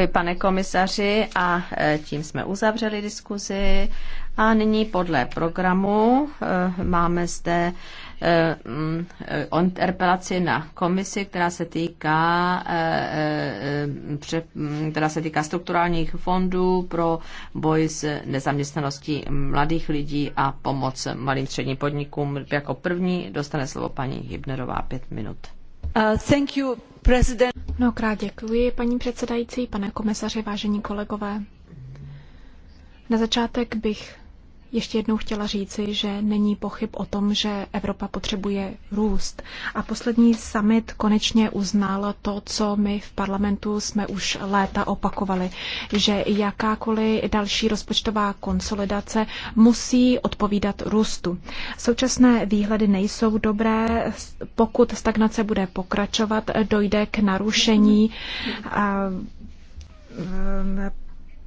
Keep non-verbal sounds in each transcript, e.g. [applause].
Děkuji, pane komisaři, a e, tím jsme uzavřeli diskuzi. A nyní podle programu e, máme zde e, interpelaci na komisi, která se týká, která se týká strukturálních fondů pro boj s nezaměstnaností mladých lidí a pomoc malým středním podnikům. Jako první dostane slovo paní Hybnerová pět minut. Uh, thank you. President. Mnohokrát děkuji, paní předsedající, pane komisaři, vážení kolegové. Na začátek bych ještě jednou chtěla říci, že není pochyb o tom, že Evropa potřebuje růst. A poslední summit konečně uznal to, co my v parlamentu jsme už léta opakovali, že jakákoliv další rozpočtová konsolidace musí odpovídat růstu. Současné výhledy nejsou dobré. Pokud stagnace bude pokračovat, dojde k narušení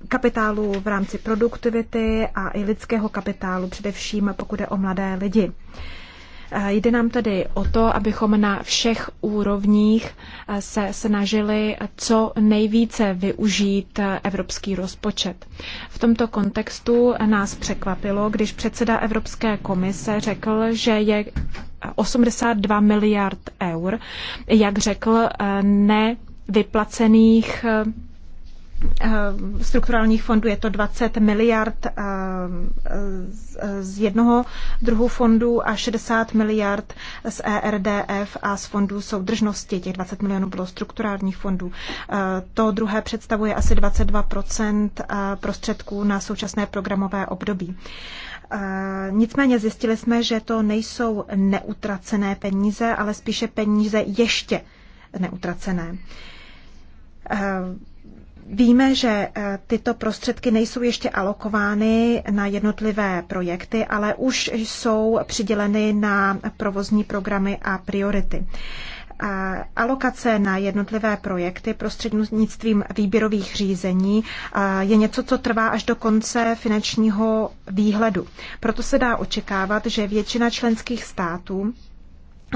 kapitálu v rámci produktivity a i lidského kapitálu, především pokud je o mladé lidi. Eh, jde nám tedy o to, abychom na všech úrovních eh, se snažili eh, co nejvíce využít evropský rozpočet. V tomto kontextu nás překvapilo, když předseda Evropské komise řekl, že je 82 miliard eur, jak řekl, nevyplacených Eh, strukturálních fondů je to 20 miliard eh, z jednoho druhu fondu a 60 miliard z ERDF a z fondů soudržnosti. Těch 20 milionů bylo strukturálních fondů. Eh, to druhé představuje asi 22 prostředků na současné programové období. Nicméně zjistili jsme, že to nejsou neutracené peníze, ale spíše peníze ještě neutracené Víme, že eh, tyto prostředky nejsou ještě alokovány na jednotlivé projekty, ale už jsou přiděleny na provozní programy a priority. Eh, alokace na jednotlivé projekty prostřednictvím výběrových řízení eh, je něco, co trvá až do konce finančního výhledu. Proto se dá očekávat, že většina členských států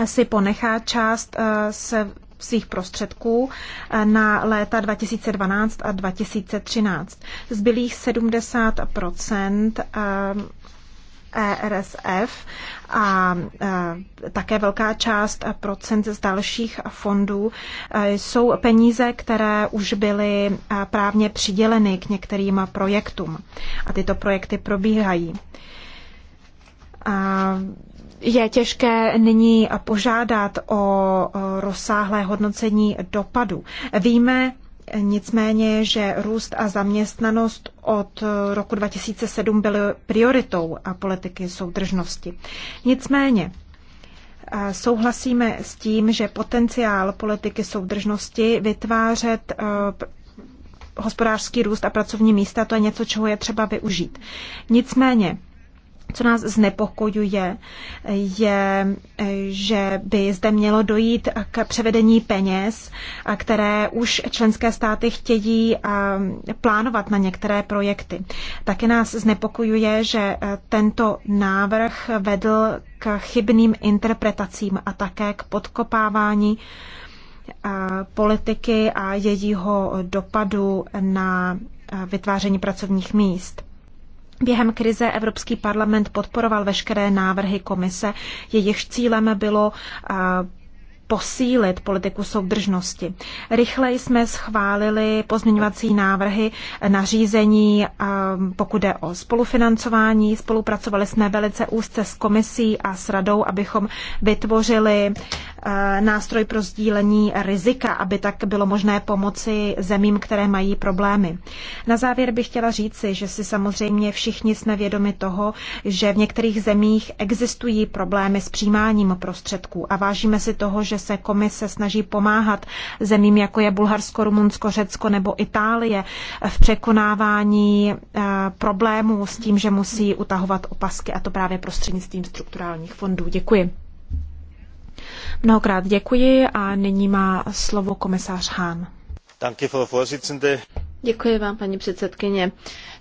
si ponechá část se svých prostředků eh, na léta 2012 a 2013. Zbylých 70 ERSF eh, e a eh, také velká část procent z dalších fondů jsou peníze, které už byly právně přiděleny k některým projektům. A tyto projekty probíhají. A je těžké nyní požádat o rozsáhlé hodnocení dopadu. Víme nicméně, že růst a zaměstnanost od roku 2007 byly prioritou a politiky soudržnosti. Nicméně souhlasíme s tím, že potenciál politiky soudržnosti vytvářet hospodářský růst a pracovní místa, to je něco, čeho je třeba využít. Nicméně co nás znepokojuje, je, že by zde mělo dojít k převedení peněz, které už členské státy chtějí plánovat na některé projekty. Také nás znepokojuje, že tento návrh vedl k chybným interpretacím a také k podkopávání politiky a jejího dopadu na vytváření pracovních míst. Během krize Evropský parlament podporoval veškeré návrhy komise, jejichž cílem bylo eh, posílit politiku soudržnosti. Rychle jsme schválili pozměňovací návrhy na řízení, eh, pokud jde o spolufinancování. Spolupracovali jsme velice úzce s komisí a s radou, abychom vytvořili Eh, nástroj pro sdílení rizika, aby tak bylo možné pomoci zemím, které mají problémy. Na závěr bych chtěla říci, že si samozřejmě všichni jsme vědomi toho, že v některých zemích existují problémy s přijímáním prostředků a vážíme si toho, že se komise snaží pomáhat zemím, jako je Bulharsko, Rumunsko, Řecko nebo Itálie v překonávání eh, problémů s tím, že musí utahovat opasky a to právě prostřednictvím strukturálních fondů. Děkuji. Mnohokrát děkuji a nyní má slovo komisař Hahn. Děkuji vám, paní předsedkyně.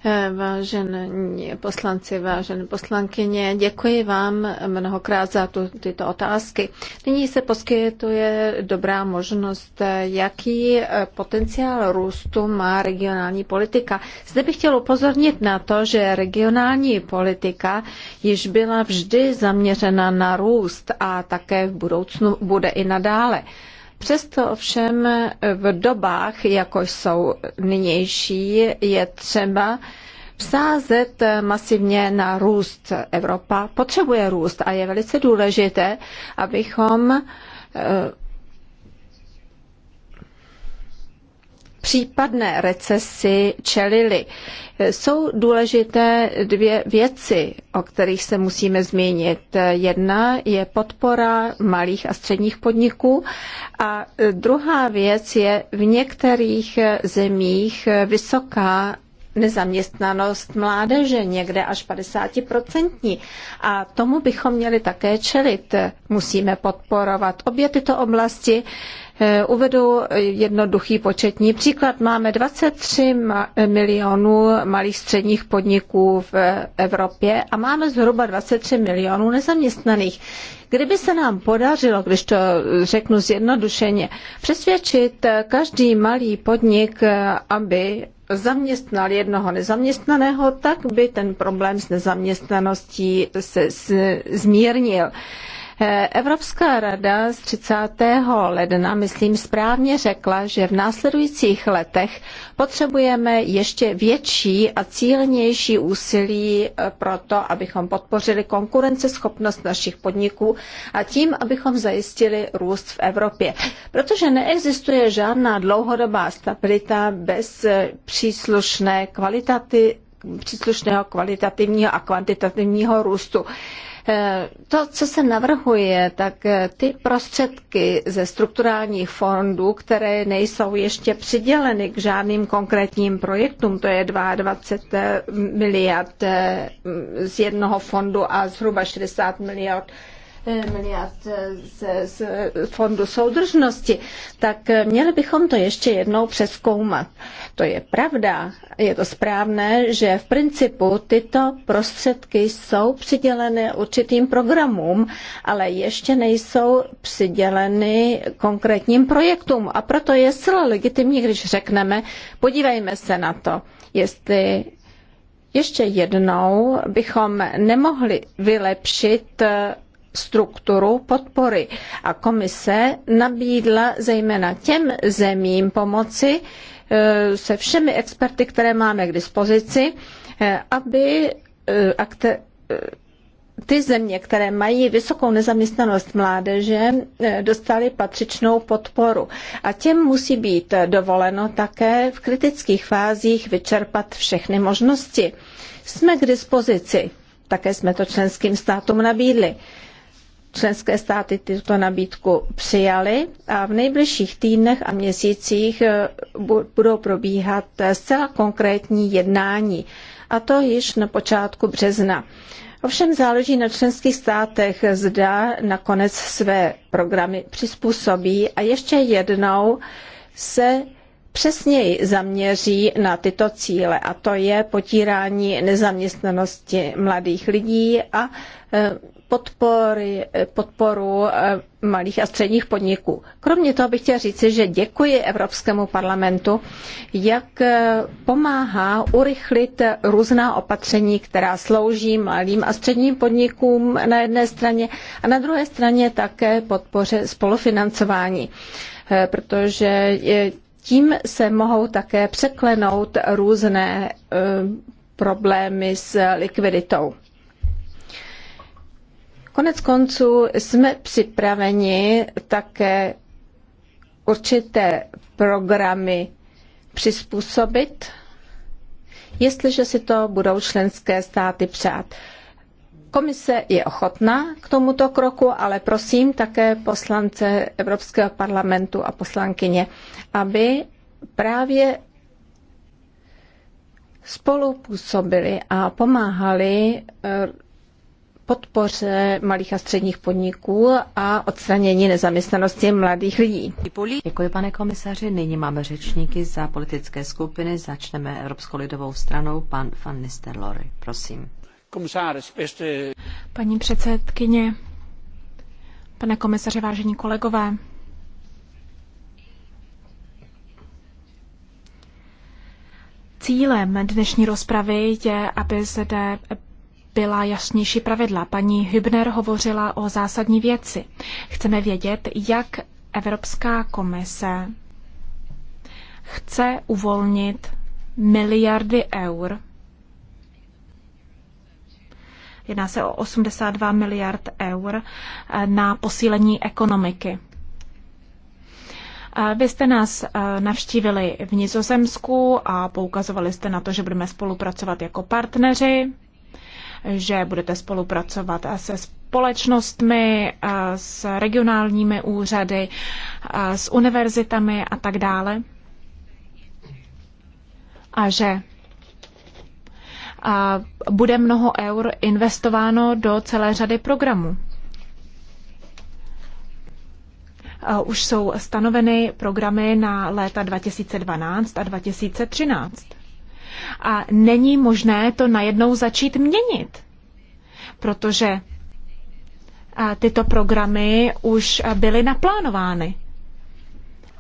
Eh, vážení poslanci, vážené poslankyně, děkuji vám mnohokrát za tu, tyto otázky. Nyní se poskytuje dobrá možnost, eh, jaký eh, potenciál růstu má regionální politika. Zde bych chtěl upozornit na to, že regionální politika již byla vždy zaměřena na růst a také v budoucnu bude i nadále. Přesto ovšem v dobách, jako jsou nynější, je třeba vsázet masivně na růst. Evropa potřebuje růst a je velice důležité, abychom eh, případné recesi čelili. Jsou důležité dvě věci, o kterých se musíme zmínit. Jedna je podpora malých a středních podniků a druhá věc je v některých zemích vysoká nezaměstnanost mládeže, někde až 50%. A tomu bychom měli také čelit. Musíme podporovat obě tyto oblasti Eh, uvedu jednoduchý početní příklad. Máme 23 milionů malých středních podniků v Evropě a máme zhruba 23 milionů nezaměstnaných. Kdyby se nám podařilo, když to řeknu zjednodušeně, přesvědčit eh, každý malý podnik, eh, aby zaměstnal jednoho nezaměstnaného, tak by ten problém s nezaměstnaností se zmírnil. Evropská rada z 30. ledna, myslím, správně řekla, že v následujících letech potřebujeme ještě větší a cílnější úsilí eh, pro to, abychom podpořili konkurenceschopnost našich podniků a tím, abychom zajistili růst v Evropě. Protože neexistuje žádná dlouhodobá stabilita bez eh, příslušné kvality příslušného kvalitativního a kvantitativního růstu. Eh, to, co se navrhuje, tak eh, ty prostředky ze strukturálních fondů, které nejsou ještě přiděleny k žádným konkrétním projektům, to je 22 eh, miliard z jednoho fondu a zhruba 60 miliard miliard z, z fondu soudržnosti, tak měli bychom to ještě jednou přeskoumat. To je pravda, je to správné, že v principu tyto prostředky jsou přiděleny určitým programům, ale ještě nejsou přiděleny konkrétním projektům. A proto je zcela legitimní, když řekneme, podívejme se na to, jestli ještě jednou bychom nemohli vylepšit strukturu podpory. A komise nabídla zejména těm zemím pomoci e, se všemi experty, které máme k dispozici, e, aby e, ty země, které mají vysokou nezaměstnanost mládeže, dostaly patřičnou podporu. A těm musí být dovoleno také v kritických fázích vyčerpat všechny možnosti. Jsme k dispozici, také jsme to členským státům nabídli členské státy tuto nabídku přijaly a v nejbližších týdnech a měsících eh, budou probíhat eh, zcela konkrétní jednání, a to již na počátku března. Ovšem záleží na členských státech, zda nakonec své programy přizpůsobí a ještě jednou se přesněji zaměří na tyto cíle, a to je potírání nezaměstnanosti mladých lidí a e, podpory, e, podporu e, malých a středních podniků. Kromě toho bych chtěla říci, že děkuji Evropskému parlamentu, jak pomáhá urychlit různá opatření, která slouží malým a středním podnikům na jedné straně a na druhé straně také podpoře spolufinancování protože tím se mohou také překlenout různé eh, problémy s likviditou. Konec konců jsme připraveni také určité programy přizpůsobit, jestliže si to budou členské státy přát. Komise je ochotná k tomuto kroku, ale prosím také poslance Evropského parlamentu a poslankyně, aby právě spolupůsobili a pomáhali eh, podpoře malých a středních podniků a odstranění nezaměstnanosti mladých lidí. Děkuji, pane komisaři. Nyní máme řečníky za politické skupiny. Začneme Evropskou lidovou stranou. Pan Van Nistelrooy, prosím. Paní předsedkyně, pane komisaři, vážení kolegové, Cílem dnešní rozpravy je, aby zde byla jasnější pravidla. Paní Hübner hovořila o zásadní věci. Chceme vědět, jak Evropská komise chce uvolnit miliardy eur Jedná se o 82 miliard eur eh, na posílení ekonomiky. Eh, vy jste nás eh, navštívili v Nizozemsku a poukazovali jste na to, že budeme spolupracovat jako partneři, že budete spolupracovat se společnostmi, s regionálními úřady, s univerzitami a tak dále. A že a bude mnoho eur investováno do celé řady programů. Už jsou stanoveny programy na léta 2012 a 2013. A není možné to najednou začít měnit, protože tyto programy už byly naplánovány.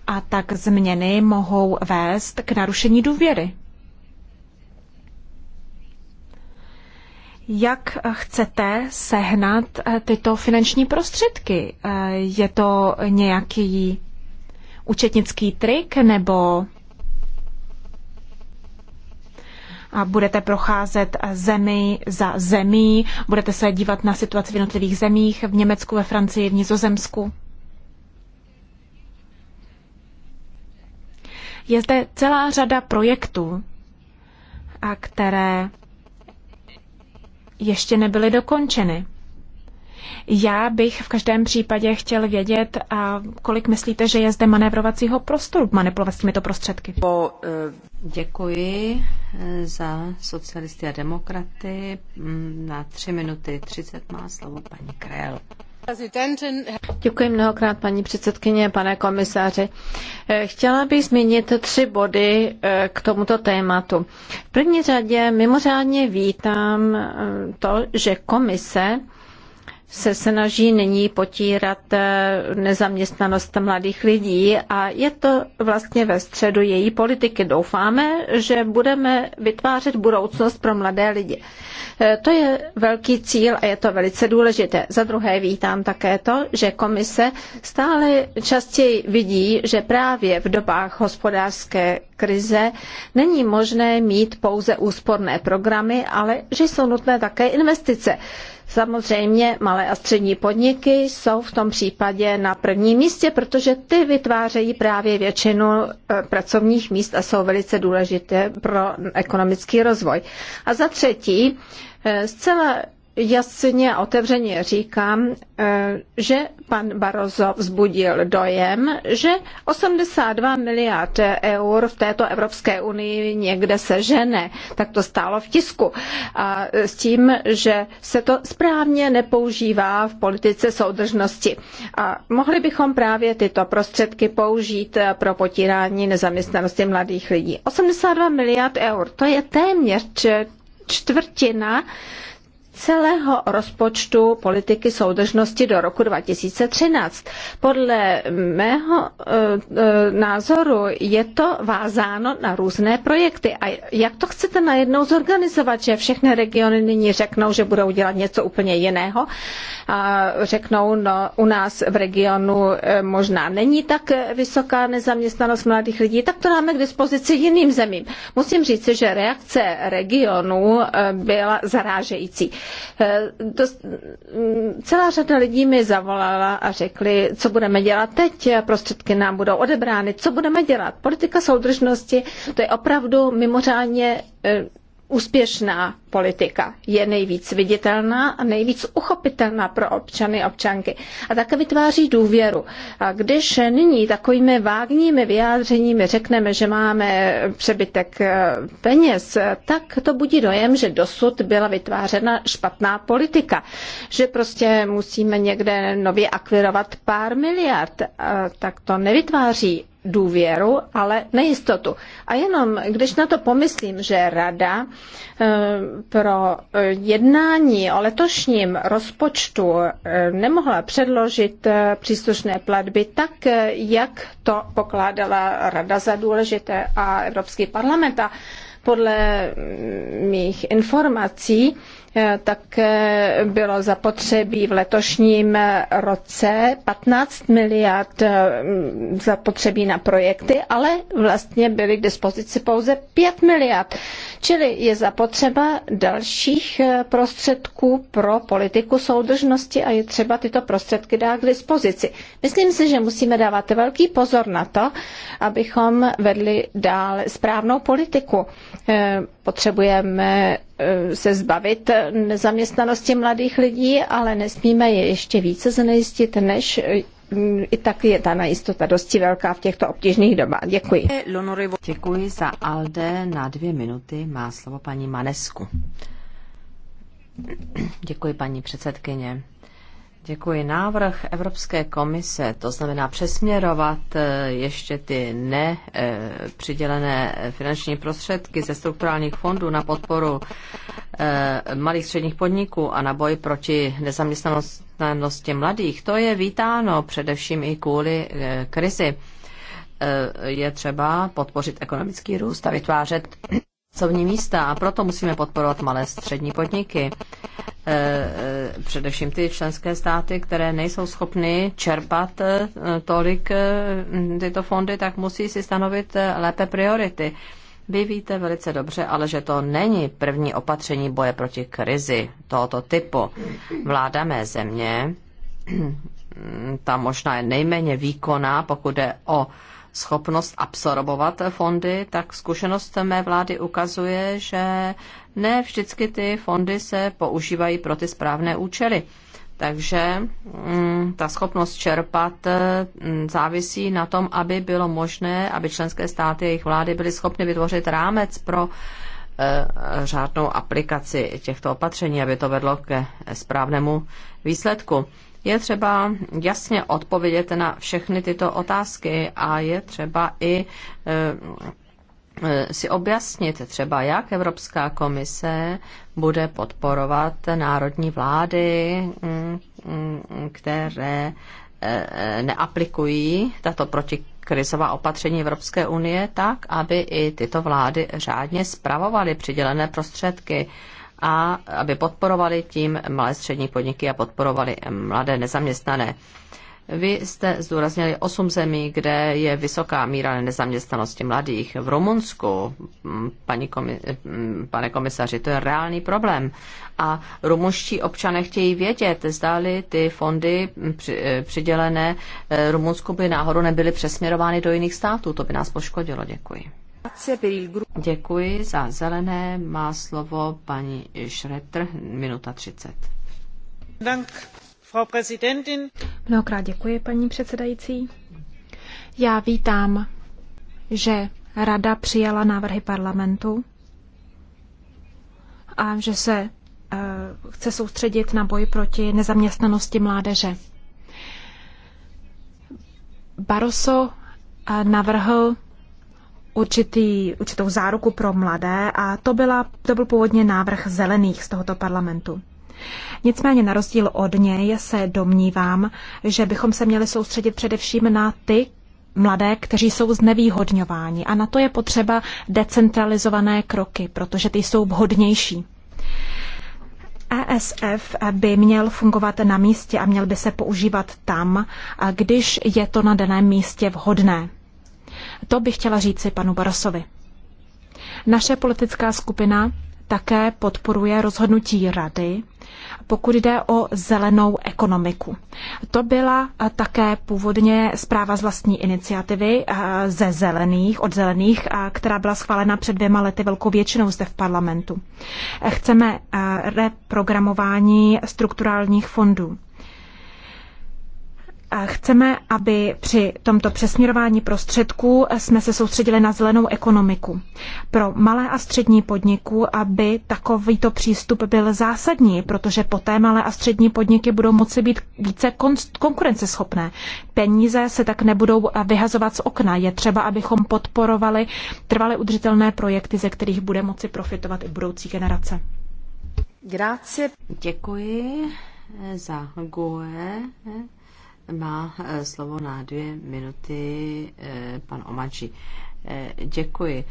A tak změny mohou vést k narušení důvěry. Jak chcete sehnat eh, tyto finanční prostředky? Eh, je to nějaký účetnický trik nebo a budete procházet eh, zemi za zemí, budete se dívat na situaci v jednotlivých zemích, v Německu, ve Francii, v Nizozemsku. Je zde celá řada projektů, a které ještě nebyly dokončeny. Já bych v každém případě chtěl vědět, a kolik myslíte, že je zde manévrovacího prostoru manipulovat s těmito prostředky. Po eh, Děkuji eh, za socialisty a demokraty. Mm, na tři minuty třicet má slovo paní Krel. Děkuji mnohokrát, paní předsedkyně, pane komisáři. Chtěla bych zmínit tři body eh, k tomuto tématu. V první řadě mimořádně vítám eh, to, že komise se snaží nyní potírat eh, nezaměstnanost mladých lidí a je to vlastně ve středu její politiky. Doufáme, že budeme vytvářet budoucnost pro mladé lidi. Eh, to je velký cíl a je to velice důležité. Za druhé vítám také to, že komise stále častěji vidí, že právě v dobách hospodářské krize není možné mít pouze úsporné programy, ale že jsou nutné také investice. Samozřejmě malé a střední podniky jsou v tom případě na prvním místě, protože ty vytvářejí právě většinu eh, pracovních míst a jsou velice důležité pro ekonomický rozvoj. A za třetí, eh, zcela jasně a otevřeně říkám, eh, že pan Barroso vzbudil dojem, že 82 miliard eur v této Evropské unii někde se žene. Tak to stálo v tisku. A eh, s tím, že se to správně nepoužívá v politice soudržnosti. A mohli bychom právě tyto prostředky použít eh, pro potírání nezaměstnanosti mladých lidí. 82 miliard eur, to je téměř čtvrtina celého rozpočtu politiky soudržnosti do roku 2013. Podle mého eh, eh, názoru je to vázáno na různé projekty. A jak to chcete najednou zorganizovat, že všechny regiony nyní řeknou, že budou dělat něco úplně jiného a řeknou, no u nás v regionu eh, možná není tak vysoká nezaměstnanost mladých lidí, tak to dáme k dispozici jiným zemím. Musím říct, že reakce regionu byla zarážející. Eh, dost, mm, celá řada lidí mi zavolala a řekli, co budeme dělat teď, prostředky nám budou odebrány, co budeme dělat. Politika soudržnosti, to je opravdu mimořádně eh, úspěšná politika je nejvíc viditelná a nejvíc uchopitelná pro občany a občanky. A také vytváří důvěru. A když nyní takovými vágními vyjádřeními řekneme, že máme přebytek eh, peněz, tak to budí dojem, že dosud byla vytvářena špatná politika. Že prostě musíme někde nově akvirovat pár miliard. A eh, tak to nevytváří důvěru, ale nejistotu. A jenom když na to pomyslím, že Rada eh, pro jednání o letošním rozpočtu eh, nemohla předložit eh, příslušné platby tak, jak to pokládala Rada za důležité a Evropský parlament. A podle mm, mých informací Eh, Také eh, bylo zapotřebí v letošním roce 15 miliard eh, mm, zapotřebí na projekty, ale vlastně byly k dispozici pouze 5 miliard. Čili je zapotřeba dalších prostředků pro politiku soudržnosti a je třeba tyto prostředky dát k dispozici. Myslím si, že musíme dávat velký pozor na to, abychom vedli dál správnou politiku. Potřebujeme Eh, se zbavit nezaměstnanosti mladých lidí, ale nesmíme je ještě více znejistit, než eh, i tak je ta nejistota dosti velká v těchto obtížných dobách. Děkuji. Děkuji za Alde. Na dvě minuty má slovo paní Manesku. Děkuji, paní předsedkyně. Děkuji. Návrh Evropské komise, to znamená přesměrovat eh, ještě ty nepřidělené eh, finanční prostředky ze strukturálních fondů na podporu eh, malých středních podniků a na boj proti nezaměstnanosti mladých, to je vítáno především i kvůli krizi. Je třeba podpořit ekonomický růst a vytvářet pracovní místa a proto musíme podporovat malé střední podniky. Eh, eh, především ty členské státy, které nejsou schopny čerpat eh, tolik tyto fondy, tak musí si stanovit lépe priority. Vy víte velice dobře, ale že to není první opatření boje proti krizi tohoto typu. Vláda mé země, [clears throat] ta možná je nejméně výkonná, pokud jde o schopnost absorbovat fondy, tak zkušenost mé vlády ukazuje, že ne vždycky ty fondy se používají pro ty správné účely. Takže mm, ta schopnost čerpat eh, mm, závisí na tom, aby bylo možné, aby členské státy a jejich vlády byly schopny vytvořit rámec pro eh, řádnou aplikaci těchto opatření, aby to vedlo ke správnému výsledku. Je třeba jasně odpovědět na všechny tyto otázky a je třeba i eh, Eh, si objasnit třeba, jak Evropská komise bude podporovat národní vlády, mm, mm, které eh, eh, neaplikují tato protikrizová opatření Evropské unie tak, aby i tyto vlády řádně zpravovaly přidělené prostředky a aby podporovali tím malé střední podniky a podporovali mladé nezaměstnané. Vy jste zdůraznili osm zemí, kde je vysoká míra nezaměstnanosti mladých. V Rumunsku, mm, paní komi, mm, pane komisaři, to je reálný problém. A rumunští občané chtějí vědět, zdali ty fondy mm, eh, přidělené eh, Rumunsku by náhodou nebyly přesměrovány do jiných států. To by nás poškodilo. Děkuji. Děkuji za zelené. Má slovo paní Šretr, minuta 30. Dank. Mnohokrát děkuji, paní předsedající. Já vítám, že Rada přijala návrhy parlamentu a že se uh, chce soustředit na boj proti nezaměstnanosti mládeže. Barroso uh, navrhl určitý, určitou záruku pro mladé a to, byla, to byl původně návrh zelených z tohoto parlamentu. Nicméně na rozdíl od něj se domnívám, že bychom se měli soustředit především na ty mladé, kteří jsou znevýhodňováni. A na to je potřeba decentralizované kroky, protože ty jsou vhodnější. ESF by měl fungovat na místě a měl by se používat tam, když je to na daném místě vhodné. To bych chtěla říci panu Barosovi. Naše politická skupina také podporuje rozhodnutí rady, pokud jde o zelenou ekonomiku. To byla také původně zpráva z vlastní iniciativy ze zelených, od zelených, která byla schválena před dvěma lety velkou většinou zde v parlamentu. Chceme reprogramování strukturálních fondů. Chceme, aby při tomto přesměrování prostředků jsme se soustředili na zelenou ekonomiku. Pro malé a střední podniku, aby takovýto přístup byl zásadní, protože poté malé a střední podniky budou moci být více konkurenceschopné. Peníze se tak nebudou vyhazovat z okna. Je třeba, abychom podporovali trvale udržitelné projekty, ze kterých bude moci profitovat i budoucí generace. Grazie. Děkuji za GUE má eh, slovo na dvě minuty eh, pan Omači. Eh, děkuji,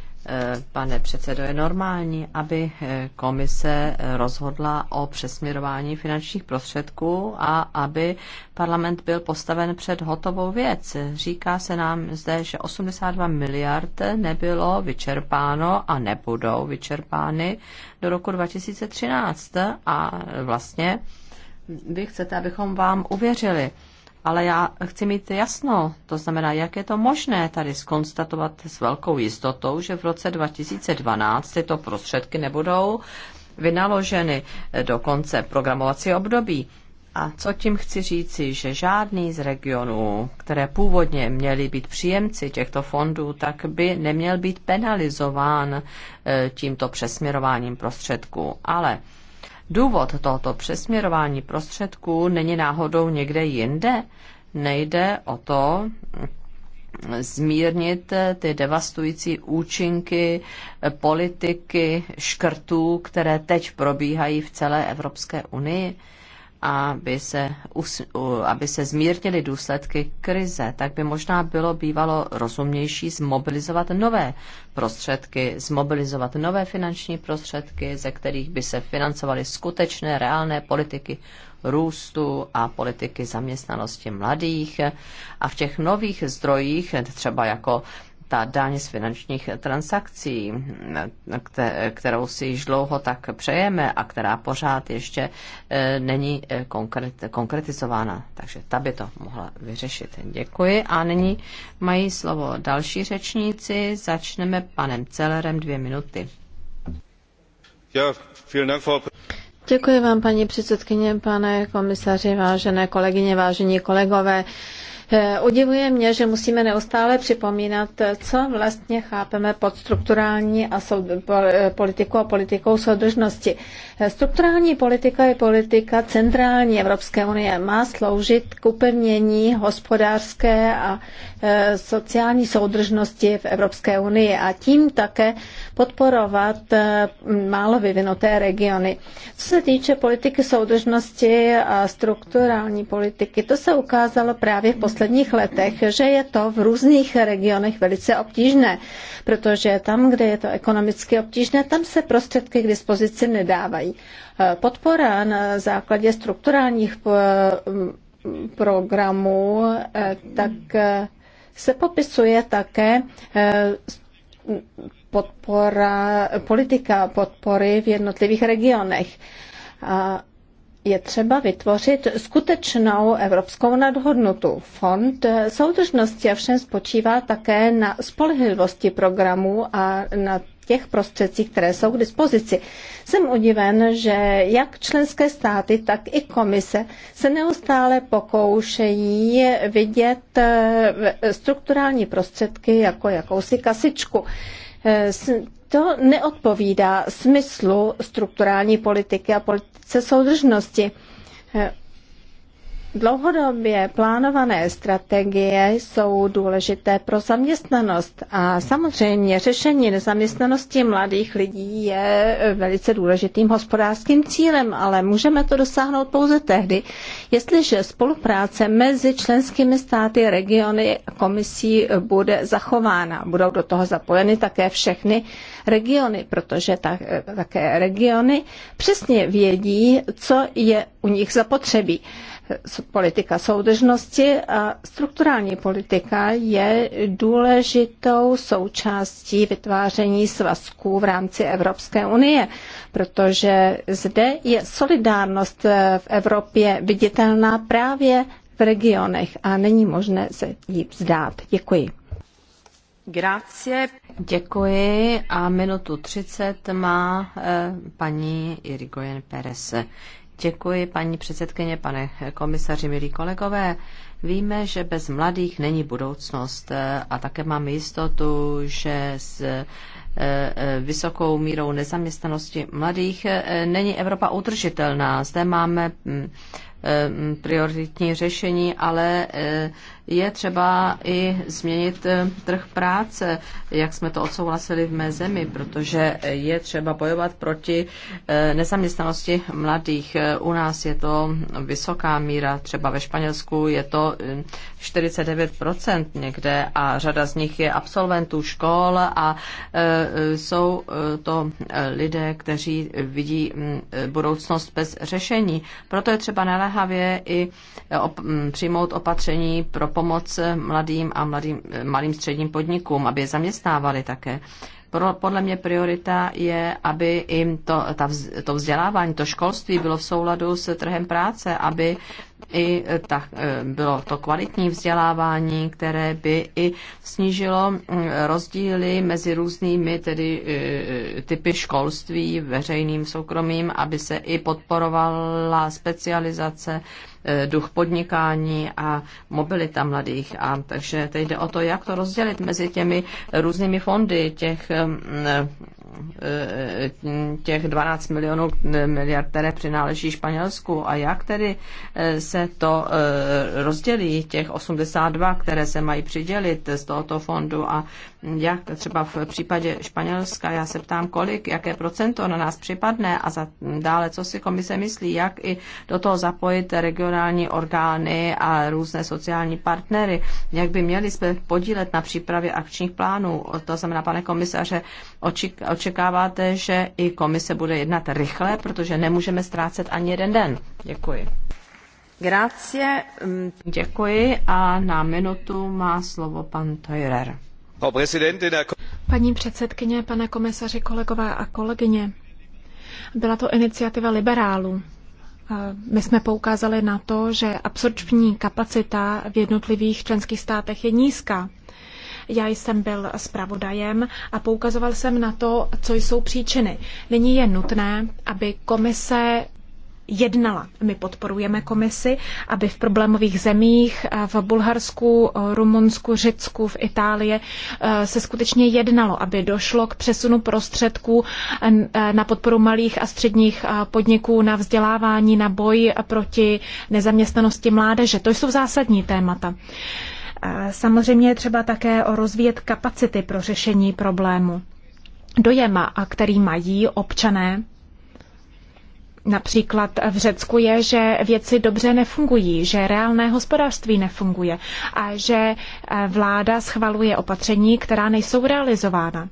pane předsedo. Je normální, aby komise rozhodla o přesměrování finančních prostředků a aby parlament byl postaven před hotovou věc. Říká se nám zde, že 82 miliard nebylo vyčerpáno a nebudou vyčerpány do roku 2013 a vlastně vy chcete, abychom vám uvěřili ale já chci mít jasno, to znamená, jak je to možné tady skonstatovat s velkou jistotou, že v roce 2012 tyto prostředky nebudou vynaloženy do konce programovací období. A co tím chci říci, že žádný z regionů, které původně měly být příjemci těchto fondů, tak by neměl být penalizován e, tímto přesměrováním prostředků. Ale Důvod tohoto přesměrování prostředků není náhodou někde jinde. Nejde o to, zmírnit ty devastující účinky politiky škrtů, které teď probíhají v celé Evropské unii aby se, aby se zmírnily důsledky krize, tak by možná bylo bývalo rozumnější zmobilizovat nové prostředky, zmobilizovat nové finanční prostředky, ze kterých by se financovaly skutečné, reálné politiky růstu a politiky zaměstnanosti mladých. A v těch nových zdrojích, třeba jako ta daň z finančních transakcí, kterou si již dlouho tak přejeme a která pořád ještě e, není e, konkret, konkretizována. Takže ta by to mohla vyřešit. Děkuji. A nyní mají slovo další řečníci. Začneme panem Celerem dvě minuty. Děkuji vám, paní předsedkyně, pane komisaři, vážené kolegyně, vážení kolegové. Eh, Oděvuje mě, že musíme neustále připomínat, co vlastně chápeme pod strukturální a sou, eh, politikou a politikou soudržnosti. Eh, strukturální politika je politika centrální Evropské unie. Má sloužit k upevnění hospodářské a sociální soudržnosti v Evropské unii a tím také podporovat málo vyvinuté regiony. Co se týče politiky soudržnosti a strukturální politiky, to se ukázalo právě v posledních letech, že je to v různých regionech velice obtížné, protože tam, kde je to ekonomicky obtížné, tam se prostředky k dispozici nedávají. Eh, podpora na základě strukturálních eh, programů eh, tak se popisuje také podpora, politika podpory v jednotlivých regionech. A je třeba vytvořit skutečnou evropskou nadhodnotu. Fond soudržnosti ovšem spočívá také na spolehlivosti programů a na těch prostředcích, které jsou k dispozici. Jsem udiven, že jak členské státy, tak i komise se neustále pokoušejí vidět eh, strukturální prostředky jako jakousi kasičku eh, to neodpovídá smyslu strukturální politiky a politice soudržnosti. Dlouhodobě plánované strategie jsou důležité pro zaměstnanost a samozřejmě řešení nezaměstnanosti mladých lidí je velice důležitým hospodářským cílem, ale můžeme to dosáhnout pouze tehdy, jestliže spolupráce mezi členskými státy, regiony a komisí bude zachována. Budou do toho zapojeny také všechny regiony, protože tak, také regiony přesně vědí, co je u nich zapotřebí politika soudržnosti a strukturální politika je důležitou součástí vytváření svazků v rámci Evropské unie, protože zde je solidárnost eh, v Evropě viditelná právě v regionech a není možné se jí vzdát. Děkuji. Grazie. Děkuji a minutu 30 má eh, paní Irigoyen Perese. Děkuji, paní předsedkyně, pane komisaři, milí kolegové. Víme, že bez mladých není budoucnost eh, a také máme jistotu, že s eh, eh, vysokou mírou nezaměstnanosti mladých není Evropa udržitelná. Zde máme mm, mm, prioritní řešení, ale je třeba i změnit eh, trh práce, jak jsme to odsouhlasili v mé zemi, protože je třeba bojovat proti eh, nezaměstnanosti mladých. Eh, u nás je to vysoká míra, třeba ve Španělsku je to 49% někde a řada z nich je absolventů škol a jsou to lidé, kteří vidí mm, budoucnost bez řešení. Proto je třeba naléhavě i mm, přijmout opatření pro pomoc mladým a mladým, malým středním podnikům, aby je zaměstnávali také. Podle mě priorita je, aby jim to, ta, to vzdělávání, to školství bylo v souladu s trhem práce, aby i ta, e, bylo to kvalitní vzdělávání, které by i snížilo mm, rozdíly mezi různými tedy e, typy školství, veřejným, soukromým, aby se i podporovala specializace Eh, duch podnikání a mobilita mladých. A takže teď jde o to, jak to rozdělit mezi těmi různými fondy těch, mm, eh, těch 12 milionů eh, miliard, které přináleží Španělsku a jak tedy se to rozdělí těch 82, které se mají přidělit z tohoto fondu a jak třeba v případě Španělska, já se ptám, kolik, jaké procento na nás připadne a za, dále, co si komise myslí, jak i do toho zapojit regionální orgány a různé sociální partnery, jak by měli jsme podílet na přípravě akčních plánů. To znamená, pane komisaře, očekáváte, že i komise bude jednat rychle, protože nemůžeme ztrácet ani jeden den. Děkuji. Grazie. Děkuji a na minutu má slovo pan Teurer. Paní předsedkyně, pane komisaři, kolegové a kolegyně, byla to iniciativa liberálů. My jsme poukázali na to, že absorpční kapacita v jednotlivých členských státech je nízká. Já jsem byl zpravodajem a poukazoval jsem na to, co jsou příčiny. Nyní je nutné, aby komise jednala. My podporujeme komisi, aby v problémových zemích eh, v Bulharsku, eh, Rumunsku, Řecku, v Itálii eh, se skutečně jednalo, aby došlo k přesunu prostředků na podporu malých a středních podniků, na vzdělávání, na boj proti nezaměstnanosti mládeže. To jsou zásadní témata. Samozřejmě je třeba také o rozvíjet kapacity pro řešení problému. a který mají občané, například v Řecku je, že věci dobře nefungují, že reálné hospodářství nefunguje a že eh, vláda schvaluje opatření, která nejsou realizována.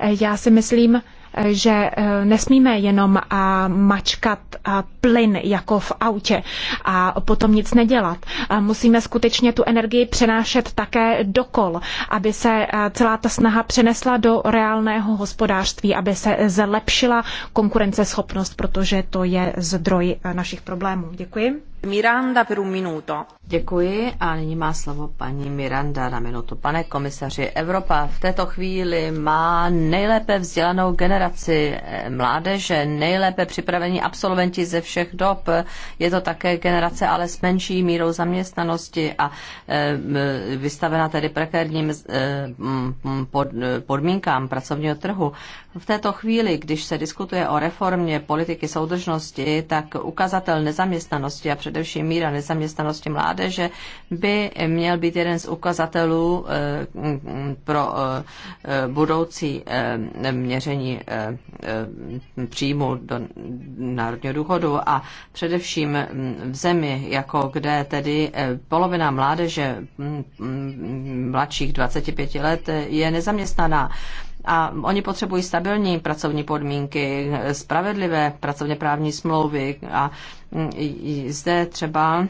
Eh, já si myslím, že eh, nesmíme jenom eh, mačkat eh, plyn jako v autě a potom nic nedělat. Musíme skutečně tu energii přenášet také do kol, aby se celá ta snaha přenesla do reálného hospodářství, aby se zlepšila konkurenceschopnost, protože to je zdroj našich problémů. Děkuji. Miranda per un minuto. Děkuji a nyní má slovo paní Miranda na minutu. Pane komisaři, Evropa v této chvíli má nejlépe vzdělanou generaci eh, mládeže, nejlépe připravení absolventi ze všech dob. Je to také generace ale s menší mírou zaměstnanosti a eh, vystavena tedy prekérním eh, podmínkám pracovního trhu. V této chvíli, když se diskutuje o reformě politiky soudržnosti, tak ukazatel nezaměstnanosti a především míra nezaměstnanosti mládeže by měl být jeden z ukazatelů eh, pro eh, budoucí eh, měření příjmu do národního důchodu a především mm, v zemi, jako kde tedy polovina mládeže mm, mm, mladších 25 let je nezaměstnaná. A oni potřebují stabilní pracovní podmínky, spravedlivé pracovně právní smlouvy a mm, zde třeba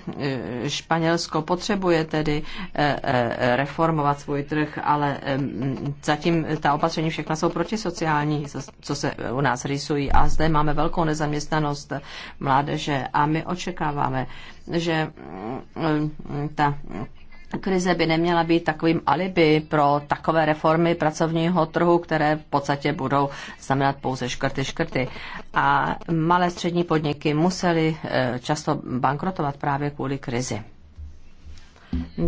e, Španělsko potřebuje tedy e, e, reformovat svůj trh, ale mm, zatím ta opatření všechna jsou protisociální, co se u nás rysují A zde máme velkou nezaměstnanost mládeže a my očekáváme, že mm, ta krize by neměla být takovým alibi pro takové reformy pracovního trhu, které v podstatě budou znamenat pouze škrty, škrty. A malé střední podniky musely eh, často bankrotovat právě kvůli krizi.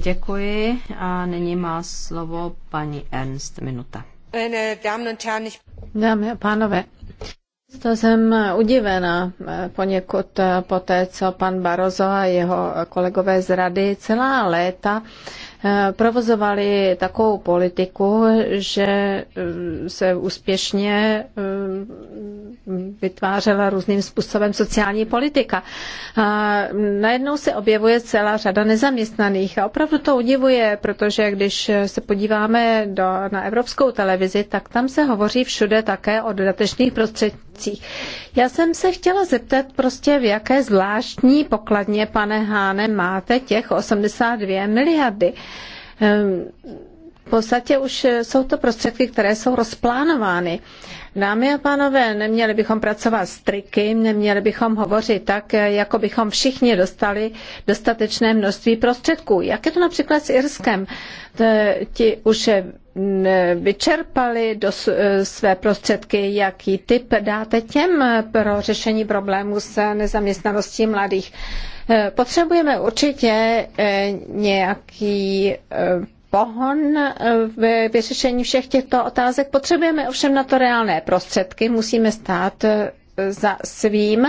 Děkuji a nyní má slovo paní Ernst Minuta. Dámy a pánové, to jsem udivena eh, poněkud eh, po té, co pan Barozo a jeho kolegové z rady celá léta eh, provozovali takovou politiku, že se úspěšně vytvářela různým způsobem sociální politika. A najednou se objevuje celá řada nezaměstnaných a opravdu to udivuje, protože když se podíváme do, na evropskou televizi, tak tam se hovoří všude také o dodatečných prostředcích sankcích. Já jsem se chtěla zeptat prostě, v jaké zvláštní pokladně, pane Háne, máte těch 82 miliardy ehm, v podstatě už eh, jsou to prostředky, které jsou rozplánovány. Dámy a pánové, neměli bychom pracovat s triky, neměli bychom hovořit tak, eh, jako bychom všichni dostali dostatečné množství prostředků. Jak je to například s Irskem? Eh, ti už vyčerpali do své prostředky, jaký typ dáte těm pro řešení problémů s nezaměstnaností mladých. Potřebujeme určitě nějaký pohon eh, v vyřešení všech těchto otázek. Potřebujeme ovšem na to reálné prostředky, musíme stát eh, za svým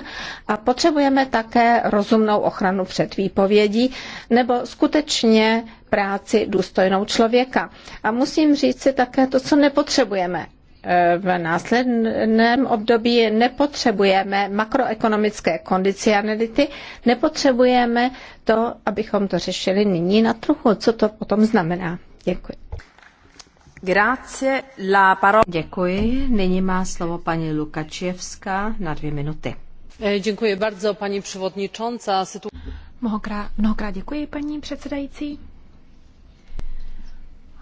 a potřebujeme také rozumnou ochranu před výpovědí nebo skutečně práci důstojnou člověka. A musím říct si také to, co nepotřebujeme v následném období nepotřebujeme makroekonomické kondicionality, nepotřebujeme to, abychom to řešili nyní na trhu. Co to potom znamená? Děkuji. Grazie, la paro- Děkuji. Nyní má slovo paní Lukačevská na dvě minuty. E, děkuji bardzo, paní předsedající. Mnohokrát, mnohokrát děkuji, paní předsedající.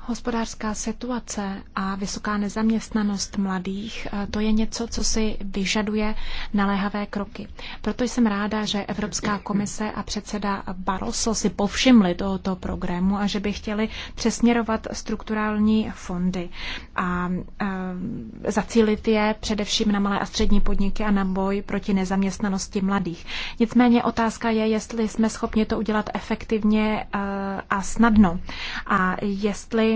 Hospodářská situace a vysoká nezaměstnanost mladých, eh, to je něco, co si vyžaduje naléhavé kroky. Proto jsem ráda, že Evropská komise a předseda Barroso si povšimli tohoto programu a že by chtěli přesměrovat strukturální fondy a e, zacílit je především na malé a střední podniky a na boj proti nezaměstnanosti mladých. Nicméně otázka je, jestli jsme schopni to udělat efektivně e, a snadno a jestli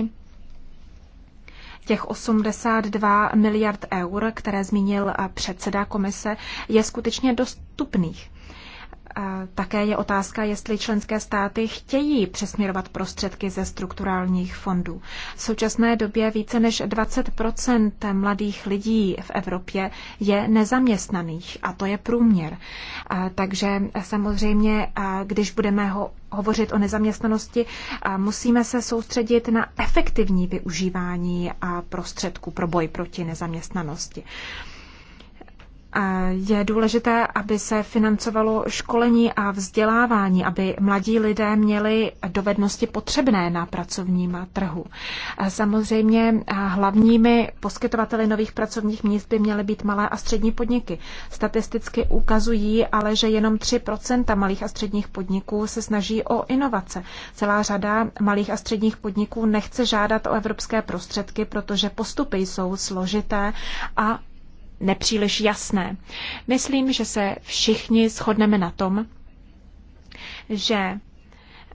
těch 82 miliard eur, které zmínil eh, předseda komise, je skutečně dostupných. Také je otázka, jestli členské státy chtějí přesměrovat prostředky ze strukturálních fondů. V současné době více než 20 mladých lidí v Evropě je nezaměstnaných a to je průměr. Takže samozřejmě, když budeme ho hovořit o nezaměstnanosti, musíme se soustředit na efektivní využívání prostředků pro boj proti nezaměstnanosti. Je důležité, aby se financovalo školení a vzdělávání, aby mladí lidé měli dovednosti potřebné na pracovním trhu. Samozřejmě hlavními poskytovateli nových pracovních míst by měly být malé a střední podniky. Statisticky ukazují ale, že jenom 3 malých a středních podniků se snaží o inovace. Celá řada malých a středních podniků nechce žádat o evropské prostředky, protože postupy jsou složité a nepříliš jasné. Myslím, že se všichni shodneme na tom, že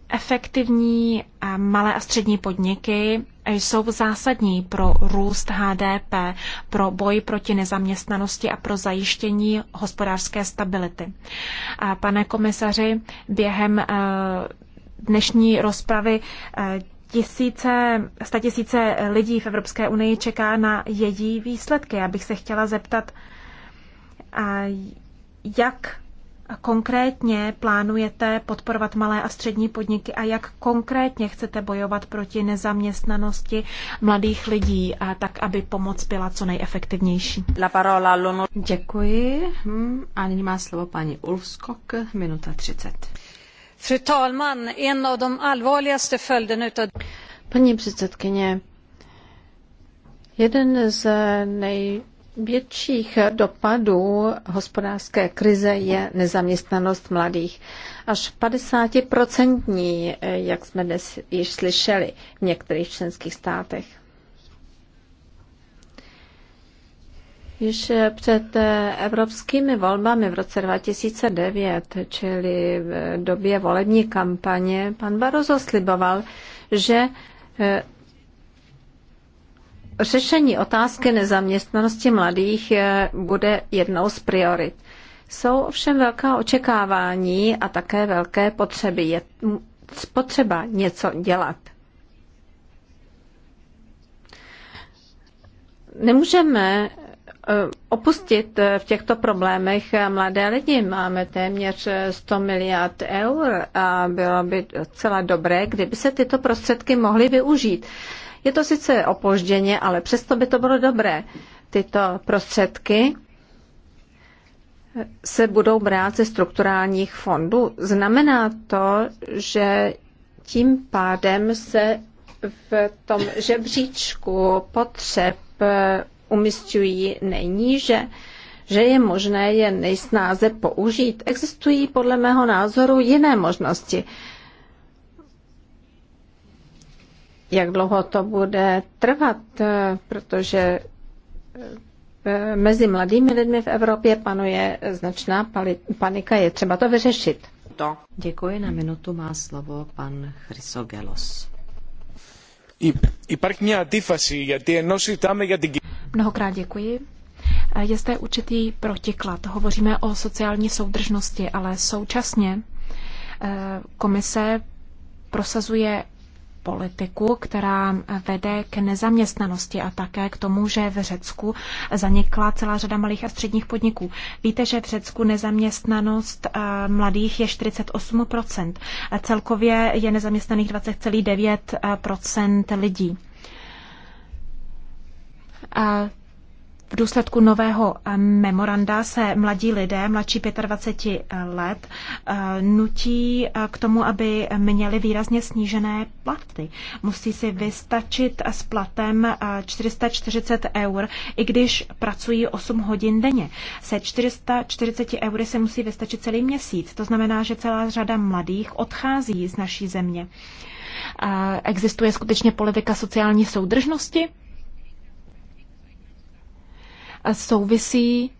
efektivní malé a střední podniky jsou zásadní pro růst HDP, pro boj proti nezaměstnanosti a pro zajištění hospodářské stability. A pane komisaři, během eh, dnešní rozpravy eh, tisíce, statisíce lidí v Evropské unii čeká na její výsledky. Já bych se chtěla zeptat, jak konkrétně plánujete podporovat malé a střední podniky a jak konkrétně chcete bojovat proti nezaměstnanosti mladých lidí, a tak aby pomoc byla co nejefektivnější. La parola, Děkuji. Hm, a nyní má slovo paní Ulfskok, minuta 30. Paní předsedkyně, jeden z největších dopadů hospodářské krize je nezaměstnanost mladých. Až 50%, jak jsme dnes již slyšeli v některých členských státech. Již před eh, evropskými volbami v roce 2009, čili v době volební kampaně, pan Barozo sliboval, že eh, řešení otázky nezaměstnanosti mladých eh, bude jednou z priorit. Jsou ovšem velká očekávání a také velké potřeby. Je potřeba něco dělat. Nemůžeme Eh, opustit eh, v těchto problémech eh, mladé lidi. Máme téměř 100 miliard eur a bylo by docela dobré, kdyby se tyto prostředky mohly využít. Je to sice opožděně, ale přesto by to bylo dobré. Tyto prostředky se budou brát ze strukturálních fondů. Znamená to, že tím pádem se v tom žebříčku potřeb umistují nejníže, že je možné je nejsnáze použít. Existují podle mého názoru jiné možnosti. Jak dlouho to bude trvat, eh, protože eh, mezi mladými lidmi v Evropě panuje značná panika, je třeba to vyřešit. To. Děkuji, na minutu má slovo pan Chrysogelos. Mnohokrát děkuji. E, je zde určitý protiklad. Hovoříme o sociální soudržnosti, ale současně e, komise prosazuje politiku, která vede k nezaměstnanosti a také k tomu, že v Řecku zanikla celá řada malých a středních podniků. Víte, že v Řecku nezaměstnanost eh, mladých je 48%. Celkově je nezaměstnaných 20,9% eh, lidí. A eh, důsledku nového eh, memoranda se mladí lidé, mladší 25 eh, let, eh, nutí k tomu, aby měli výrazně snížené platy. Musí si vystačit s platem 440 eur, i když pracují 8 hodin denně. Se 440 eur se musí vystačit celý měsíc. To znamená, že celá řada mladých odchází z naší země. Existuje skutečně politika sociální soudržnosti? Souvisí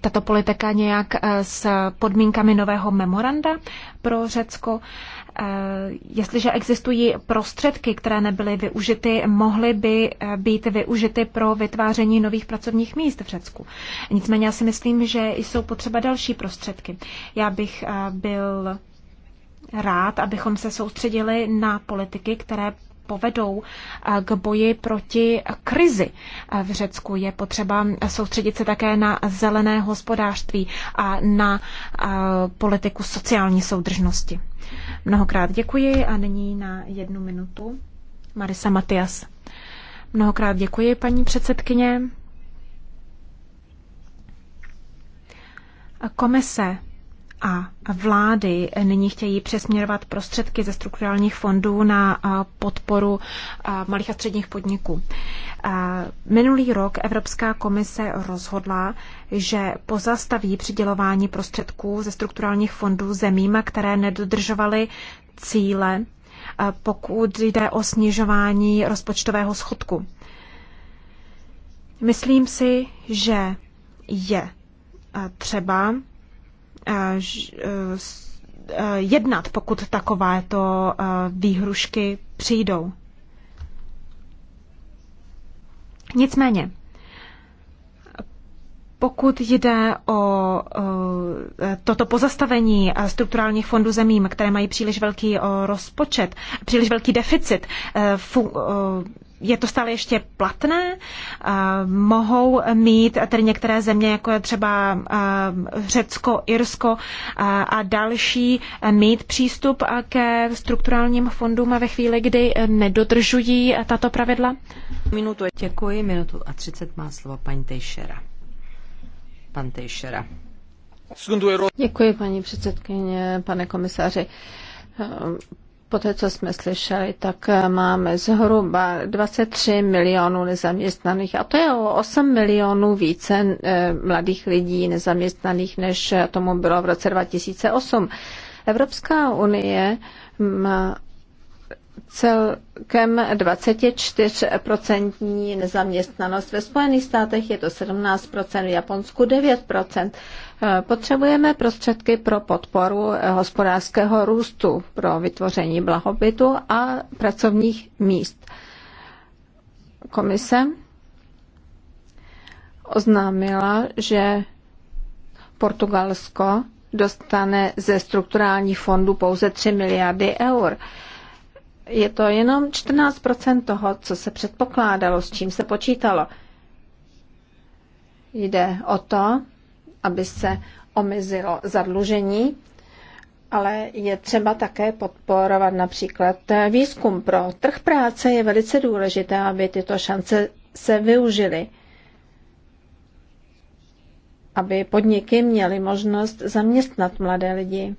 tato politika nějak s podmínkami nového memoranda pro Řecko? Jestliže existují prostředky, které nebyly využity, mohly by e, být využity pro vytváření nových pracovních míst v Řecku. Nicméně já si myslím, že jsou potřeba další prostředky. Já bych byl rád, abychom se soustředili na politiky, které povedou eh, k boji proti krizi eh, v Řecku. Je potřeba soustředit se také na zelené hospodářství a na eh, politiku sociální soudržnosti. Mnohokrát děkuji a nyní na jednu minutu Marisa Matias. Mnohokrát děkuji, paní předsedkyně. Komise a vlády nyní chtějí přesměrovat prostředky ze strukturálních fondů na podporu malých a středních podniků. Minulý rok Evropská komise rozhodla, že pozastaví přidělování prostředků ze strukturálních fondů zemím, které nedodržovaly cíle, pokud jde o snižování rozpočtového schodku. Myslím si, že je třeba E, e, jednat, pokud takovéto e, výhrušky přijdou. Nicméně, pokud jde o toto pozastavení strukturálních fondů zemím, které mají příliš velký rozpočet, příliš velký deficit, je to stále ještě platné? Eh, mohou mít tedy některé země, jako je třeba eh, Řecko, Irsko eh, a další, mít přístup ke strukturálním fondům ve chvíli, kdy nedodržují tato pravidla? Minutu, děkuji. Minutu a 30 má slovo paní Tejšera. Pan Tejšera. Děkuji, paní předsedkyně, pane komisáři po té, co jsme slyšeli, tak eh, máme zhruba 23 milionů nezaměstnaných a to je o 8 milionů více eh, mladých lidí nezaměstnaných, než tomu bylo v roce 2008. Evropská unie má celkem 24% nezaměstnanost. Ve Spojených státech je to 17%, v Japonsku 9%. Eh, potřebujeme prostředky pro podporu eh, hospodářského růstu, pro vytvoření blahobytu a pracovních míst. Komise oznámila, že Portugalsko dostane ze strukturálních fondů pouze 3 miliardy eur je to jenom 14 toho, co se předpokládalo, s čím se počítalo. Jde o to, aby se omezilo zadlužení, ale je třeba také podporovat například výzkum pro trh práce. Je velice důležité, aby tyto šance se využily, aby podniky měly možnost zaměstnat mladé lidi.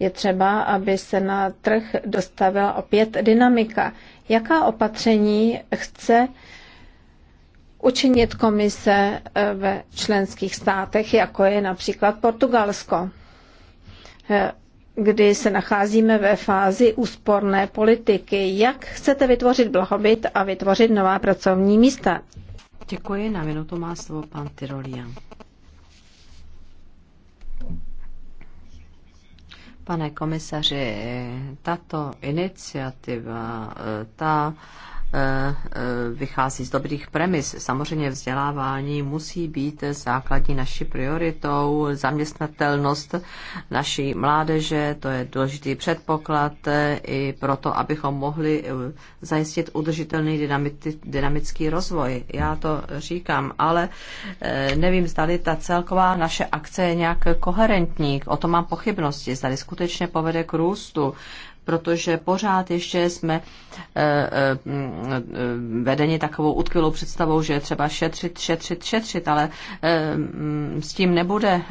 Je třeba, aby se na trh dostavila opět dynamika. Jaká opatření chce učinit komise eh, ve členských státech, jako je například Portugalsko, eh, kdy se nacházíme ve fázi úsporné politiky. Jak chcete vytvořit blahobyt a vytvořit nová pracovní místa? Děkuji. Na minutu má slovo pan Tyrolian. Pane komisaři, tato iniciativa, eh, ta Eh, eh, vychází z dobrých premis. Samozřejmě vzdělávání musí být základní naší prioritou, zaměstnatelnost naší mládeže, to je důležitý předpoklad eh, i proto, abychom mohli zajistit udržitelný dynamický rozvoj. Já to říkám, ale nevím, zda ta celková naše akce je nějak koherentní. O tom mám pochybnosti, zda skutečně povede k růstu protože pořád ještě jsme eh, eh, vedeni takovou utkvělou představou, že je třeba šetřit, šetřit, šetřit, ale eh, mm, s tím nebude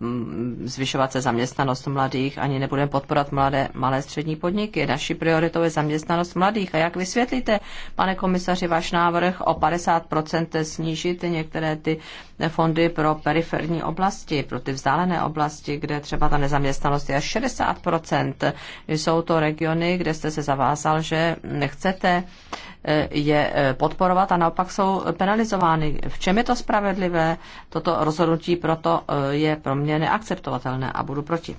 mm, zvyšovat se zaměstnanost mladých, ani nebudeme podporovat mladé, malé střední podniky. Naší prioritou je zaměstnanost mladých. A jak vysvětlíte, pane komisaři, váš návrh o 50% snížit některé ty fondy pro periferní oblasti, pro ty vzdálené oblasti, kde třeba ta nezaměstnanost je až 60%? jsou to regiony, kde jste se zavázal, že nechcete eh, je eh, podporovat a naopak jsou penalizovány. V čem je to spravedlivé? Toto rozhodnutí proto eh, je pro mě neakceptovatelné a budu proti.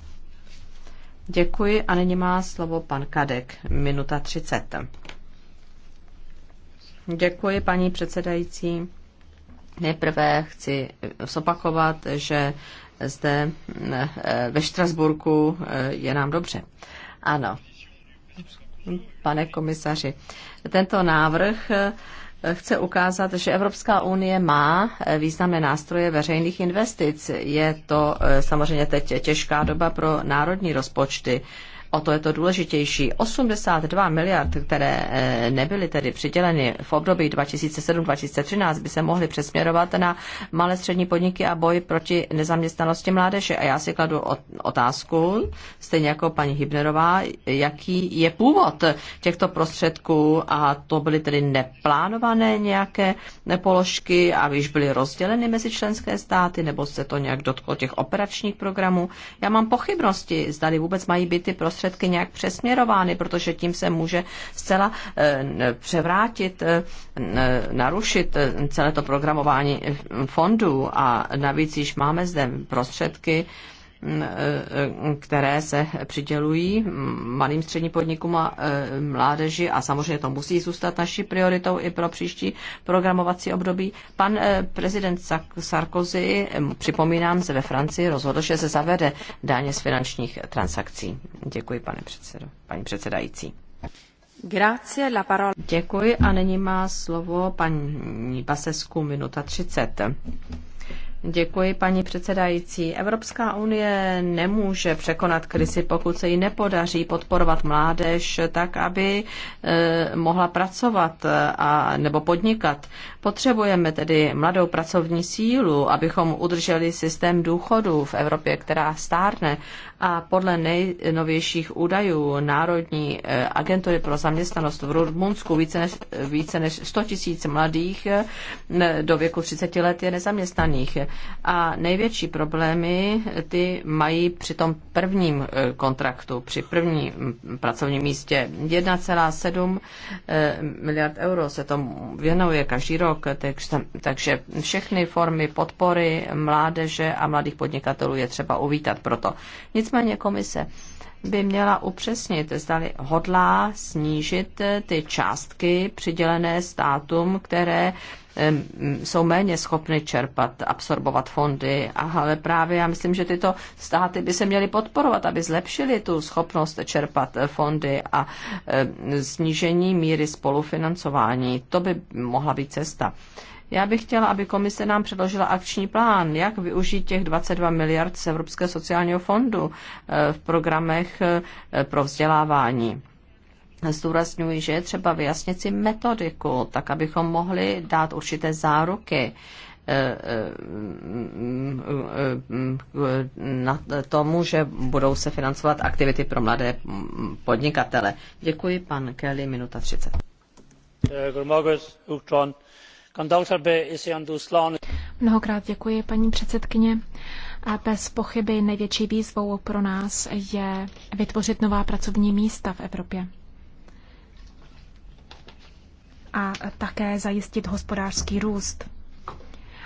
Děkuji a nyní má slovo pan Kadek, minuta 30. Děkuji, paní předsedající. Nejprve chci zopakovat, že zde ve Štrasburku je nám dobře. Ano. Pane komisaři, tento návrh eh, chce ukázat, že Evropská unie má eh, významné nástroje veřejných investic. Je to eh, samozřejmě teď těžká doba pro národní rozpočty o to je to důležitější. 82 miliard, které eh, nebyly tedy přiděleny v období 2007-2013, by se mohly přesměrovat na malé střední podniky a boj proti nezaměstnanosti mládeže. A já si kladu otázku, stejně jako paní Hybnerová, jaký je původ těchto prostředků a to byly tedy neplánované nějaké položky a již byly rozděleny mezi členské státy nebo se to nějak dotklo těch operačních programů. Já mám pochybnosti, zda vůbec mají být ty prostředky prostředky nějak přesměrovány, protože tím se může zcela eh, převrátit, eh, narušit eh, celé to programování fondů a navíc již máme zde prostředky, které se přidělují malým střední podnikům a e, mládeži a samozřejmě to musí zůstat naší prioritou i pro příští programovací období. Pan e, prezident Sarkozy, připomínám se ve Francii, rozhodl, že se zavede daně z finančních transakcí. Děkuji, pane předsedo, paní předsedající. Grazie, la parola. Děkuji a nyní má slovo paní Basesku minuta 30. Děkuji, paní předsedající. Evropská unie nemůže překonat krizi, pokud se jí nepodaří podporovat mládež tak, aby e, mohla pracovat a, nebo podnikat. Potřebujeme tedy mladou pracovní sílu, abychom udrželi systém důchodů v Evropě, která stárne. A podle nejnovějších údajů Národní e, agentury pro zaměstnanost v Rumunsku více než, více než 100 tisíc mladých e, do věku 30 let je nezaměstnaných. A největší problémy ty mají při tom prvním eh, kontraktu, při prvním pracovním místě. 1,7 eh, miliard euro se tomu věnuje každý rok, takže všechny formy podpory mládeže a mladých podnikatelů je třeba uvítat proto. Nicméně komise by měla upřesnit, zdali hodlá snížit eh, ty částky přidělené státům, které jsou méně schopny čerpat, absorbovat fondy, ale právě já myslím, že tyto státy by se měly podporovat, aby zlepšili tu schopnost čerpat eh, fondy a eh, snížení míry spolufinancování. To by mohla být cesta. Já bych chtěla, aby komise nám předložila akční plán, jak využít těch 22 miliard z Evropského sociálního fondu eh, v programech eh, pro vzdělávání. Zdůrazňuji, že je třeba vyjasnit si metodiku, tak abychom mohli dát určité záruky na eh, mm, mm, mm, tomu, že budou se financovat aktivity pro mladé podnikatele. Děkuji, pan Kelly, minuta 30. Mnohokrát děkuji, paní předsedkyně. A bez pochyby největší výzvou pro nás je vytvořit nová pracovní místa v Evropě a také zajistit hospodářský růst.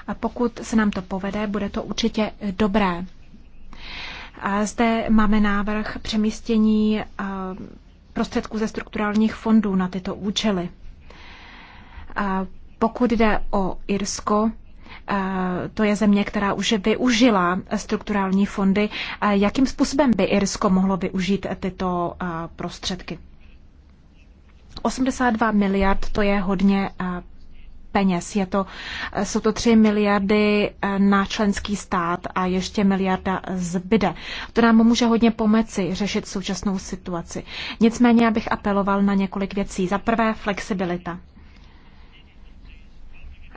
A pokud se nám to povede, bude to určitě dobré. A zde máme návrh přemístění prostředků ze strukturálních fondů na tyto účely. A pokud jde o Irsko, eh, to je země, která už využila strukturální fondy. Eh, jakým způsobem by Irsko mohlo využít tyto eh, prostředky? 82 miliard to je hodně peněz. Je to, jsou to 3 miliardy na členský stát a ještě miliarda zbyde. To nám může hodně pomoci řešit současnou situaci. Nicméně, abych apeloval na několik věcí. Za prvé, flexibilita.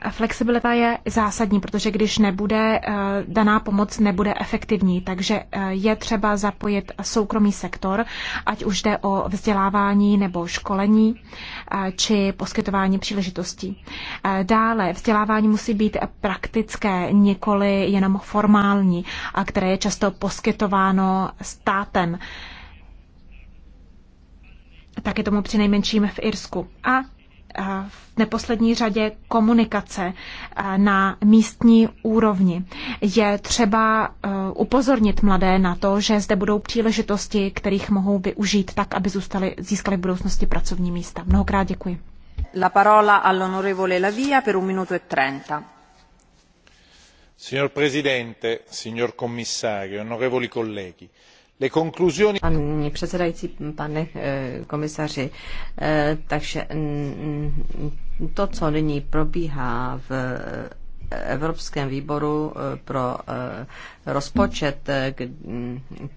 Flexibilita je zásadní, protože když nebude eh, daná pomoc, nebude efektivní, takže eh, je třeba zapojit soukromý sektor, ať už jde o vzdělávání nebo školení eh, či poskytování příležitostí. Dále vzdělávání musí být praktické, nikoli jenom formální, a které je často poskytováno státem. Tak je tomu přinejmenším v Irsku. A v neposlední řadě komunikace na místní úrovni. Je třeba e, upozornit mladé na to, že zde budou příležitosti, kterých mohou využít tak, aby zůstali, získali v budoucnosti pracovní místa. Mnohokrát děkuji. La parola all'onorevole Lavia per un minuto e trenta. Signor Presidente, signor Commissario, onorevoli colleghi, Paní předsedající, pane eh, komisaři, eh, takže to, co nyní probíhá v Evropském výboru eh, pro eh, rozpočet eh,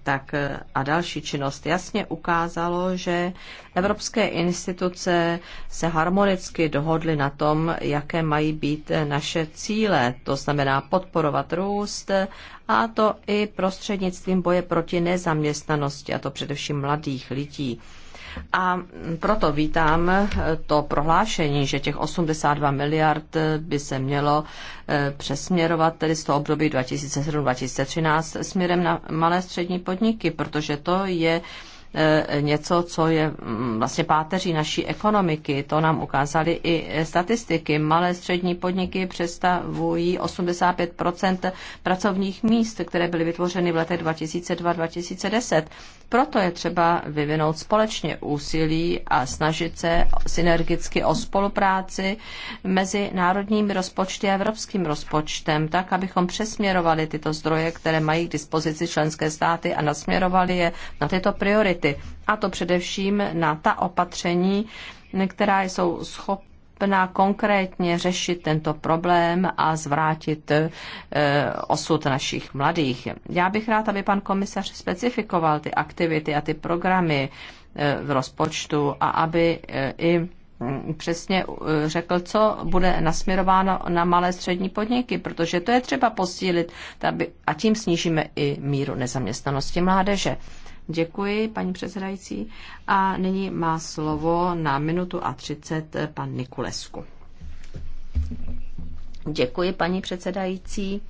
tak a další činnost jasně ukázalo, že evropské instituce se harmonicky dohodly na tom, jaké mají být naše cíle, to znamená podporovat růst a to i prostřednictvím boje proti nezaměstnanosti, a to především mladých lidí. A proto vítám to prohlášení, že těch 82 miliard by se mělo eh, přesměrovat tedy z toho období 2007-2013 směrem na malé střední podniky, protože to je E, něco, co je mm, vlastně páteří naší ekonomiky. To nám ukázaly i statistiky. Malé střední podniky představují 85 pracovních míst, které byly vytvořeny v letech 2002-2010. Proto je třeba vyvinout společně úsilí a snažit se synergicky o spolupráci mezi národními rozpočty a evropským rozpočtem, tak, abychom přesměrovali tyto zdroje, které mají k dispozici členské státy a nasměrovali je na tyto priority priority. A to především na ta opatření, která jsou schopná konkrétně řešit tento problém a zvrátit eh, osud našich mladých. Já bych rád, aby pan komisař specifikoval ty aktivity a ty programy eh, v rozpočtu a aby eh, i hm, přesně řekl, co bude nasměrováno na malé střední podniky, protože to je třeba posílit a tím snížíme i míru nezaměstnanosti mládeže. Děkuji, paní předsedající. A nyní má slovo na minutu a třicet pan Nikulesku. Děkuji, paní předsedající.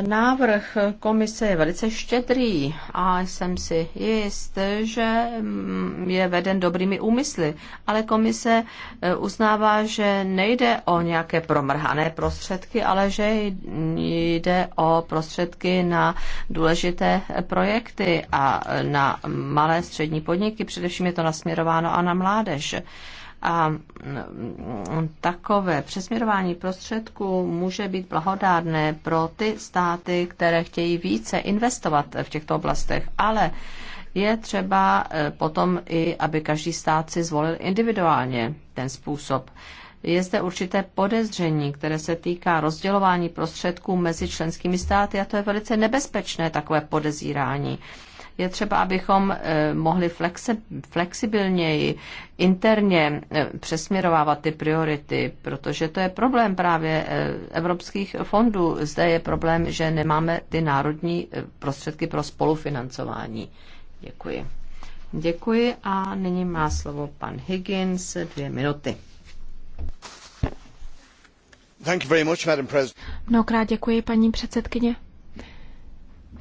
Návrh komise je velice štědrý a jsem si jist, že mm, je veden dobrými úmysly, ale komise e, uznává, že nejde o nějaké promrhané prostředky, ale že jde o prostředky na důležité projekty a na malé střední podniky, především je to nasměrováno a na mládež. A mm, takové přesměrování prostředků může být blahodárné pro ty státy, které chtějí více investovat v těchto oblastech, ale je třeba e, potom i, aby každý stát si zvolil individuálně ten způsob. Je zde určité podezření, které se týká rozdělování prostředků mezi členskými státy a to je velice nebezpečné takové podezírání je třeba, abychom eh, mohli flexibilněji interně eh, přesměrovávat ty priority, protože to je problém právě eh, evropských fondů. Zde je problém, že nemáme ty národní prostředky pro spolufinancování. Děkuji. Děkuji a nyní má slovo pan Higgins, dvě minuty. Thank you very much, Madam President. Mnohokrát děkuji, paní předsedkyně.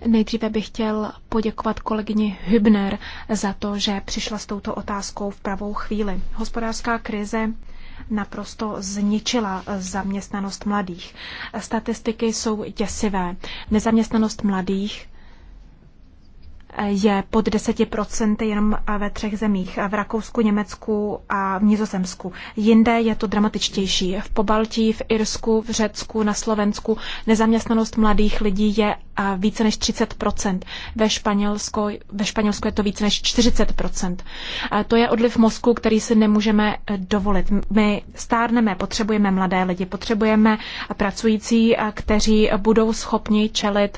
Nejdříve bych chtěl poděkovat kolegyni Hübner za to, že přišla s touto otázkou v pravou chvíli. Hospodářská krize naprosto zničila zaměstnanost mladých. Statistiky jsou děsivé. Nezaměstnanost mladých je pod 10% jenom ve třech zemích, v Rakousku, Německu a v Nizozemsku. Jinde je to dramatičtější. V Pobaltí, v Irsku, v Řecku, na Slovensku nezaměstnanost mladých lidí je více než 30%. Ve Španělsku, ve Španělsku je to více než 40%. To je odliv mozku, který si nemůžeme e, dovolit. My stárneme, potřebujeme mladé lidi, potřebujeme pracující, kteří budou schopni čelit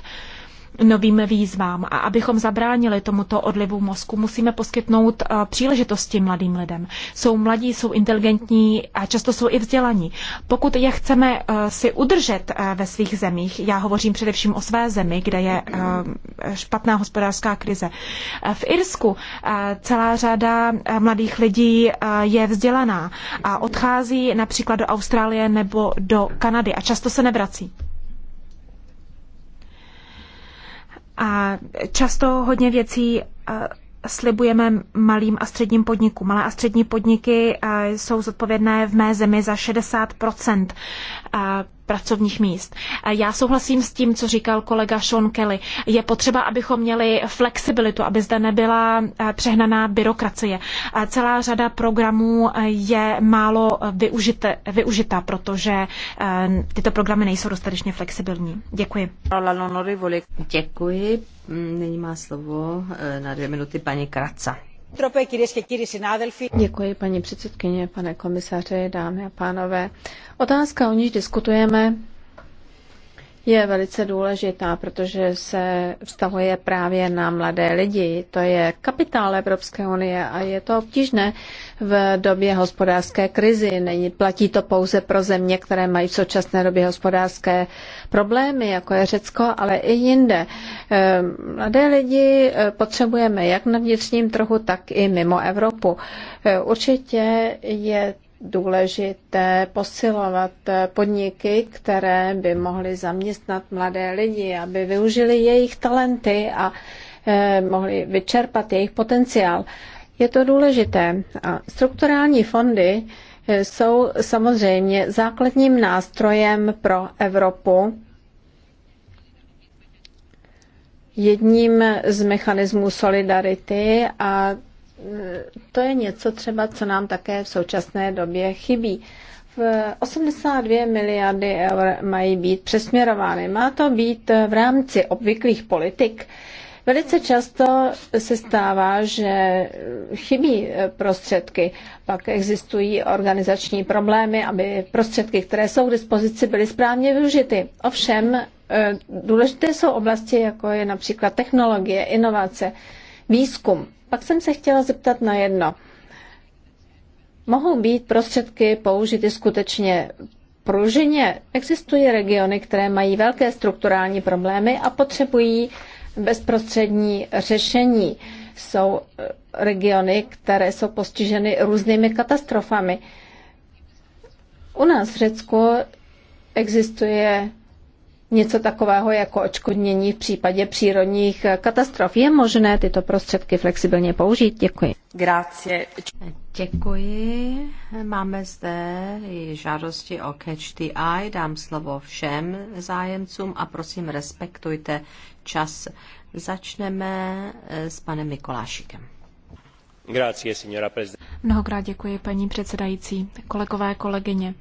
novým výzvám. A abychom zabránili tomuto odlivu mozku, musíme poskytnout eh, příležitosti mladým lidem. Jsou mladí, jsou inteligentní a často jsou i vzdělaní. Pokud je chceme eh, si udržet eh, ve svých zemích, já hovořím především o své zemi, kde je špatná hospodářská krize. V Irsku celá řada mladých lidí je vzdělaná a odchází například do Austrálie nebo do Kanady a často se nevrací. A často hodně věcí eh, slibujeme malým a středním podnikům. Malé a střední podniky eh, jsou zodpovědné v mé zemi za 60 pracovních míst. Já souhlasím s tím, co říkal kolega Sean Kelly. Je potřeba, abychom měli flexibilitu, aby zde nebyla eh, přehnaná byrokracie. Celá řada programů eh, je málo eh, využité, využita, protože tyto programy nejsou dostatečně flexibilní. Děkuji. Děkuji. Nyní má slovo na dvě minuty paní Kraca. Děkuji, paní předsedkyně, pane komisaři, dámy a pánové. Otázka, o níž diskutujeme, je velice důležitá, protože se vztahuje právě na mladé lidi. To je kapitál Evropské unie a je to obtížné v době hospodářské krizi. Není, platí to pouze pro země, které mají v současné době hospodářské problémy, jako je Řecko, ale i jinde. Eh, mladé lidi eh, potřebujeme jak na vnitřním trhu, tak i mimo Evropu. Eh, určitě je důležité posilovat podniky, které by mohly zaměstnat mladé lidi, aby využili jejich talenty a eh, mohli vyčerpat jejich potenciál. Je to důležité. A strukturální fondy eh, jsou samozřejmě základním nástrojem pro Evropu, jedním z mechanismů solidarity a to je něco třeba, co nám také v současné době chybí. V 82 miliardy eur mají být přesměrovány. Má to být v rámci obvyklých politik. Velice často se stává, že chybí prostředky, pak existují organizační problémy, aby prostředky, které jsou k dispozici, byly správně využity. Ovšem, e, důležité jsou oblasti, jako je například technologie, inovace, výzkum. Pak jsem se chtěla zeptat na jedno. Mohou být prostředky použity skutečně pružině? Existují regiony, které mají velké strukturální problémy a potřebují bezprostřední řešení. Jsou eh, regiony, které jsou postiženy různými katastrofami. U nás v Řecku existuje něco takového jako očkodnění v případě přírodních eh, katastrof. Je možné tyto prostředky flexibilně použít? Děkuji. Grazie. Děkuji. Máme zde žádosti o Catch the Eye. Dám slovo všem zájemcům a prosím respektujte čas. Začneme eh, s panem Mikolášikem. Grazie, signora prezident. Mnohokrát děkuji, paní předsedající, kolegové, kolegyně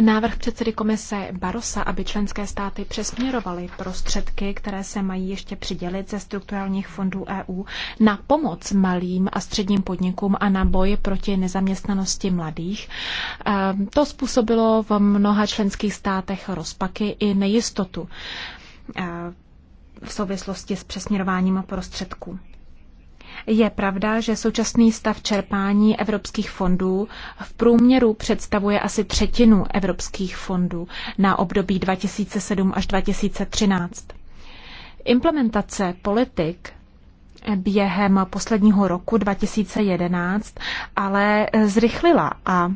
návrh předsedy komise Barosa, aby členské státy přesměrovaly prostředky, které se mají ještě přidělit ze strukturálních fondů EU na pomoc malým a středním podnikům a na boj proti nezaměstnanosti mladých. Ehm, to způsobilo v mnoha členských státech rozpaky i nejistotu ehm, v souvislosti s přesměrováním prostředků. Je pravda, že současný stav čerpání evropských fondů v průměru představuje asi třetinu evropských fondů na období 2007 až 2013. Implementace politik během posledního roku 2011 ale zrychlila a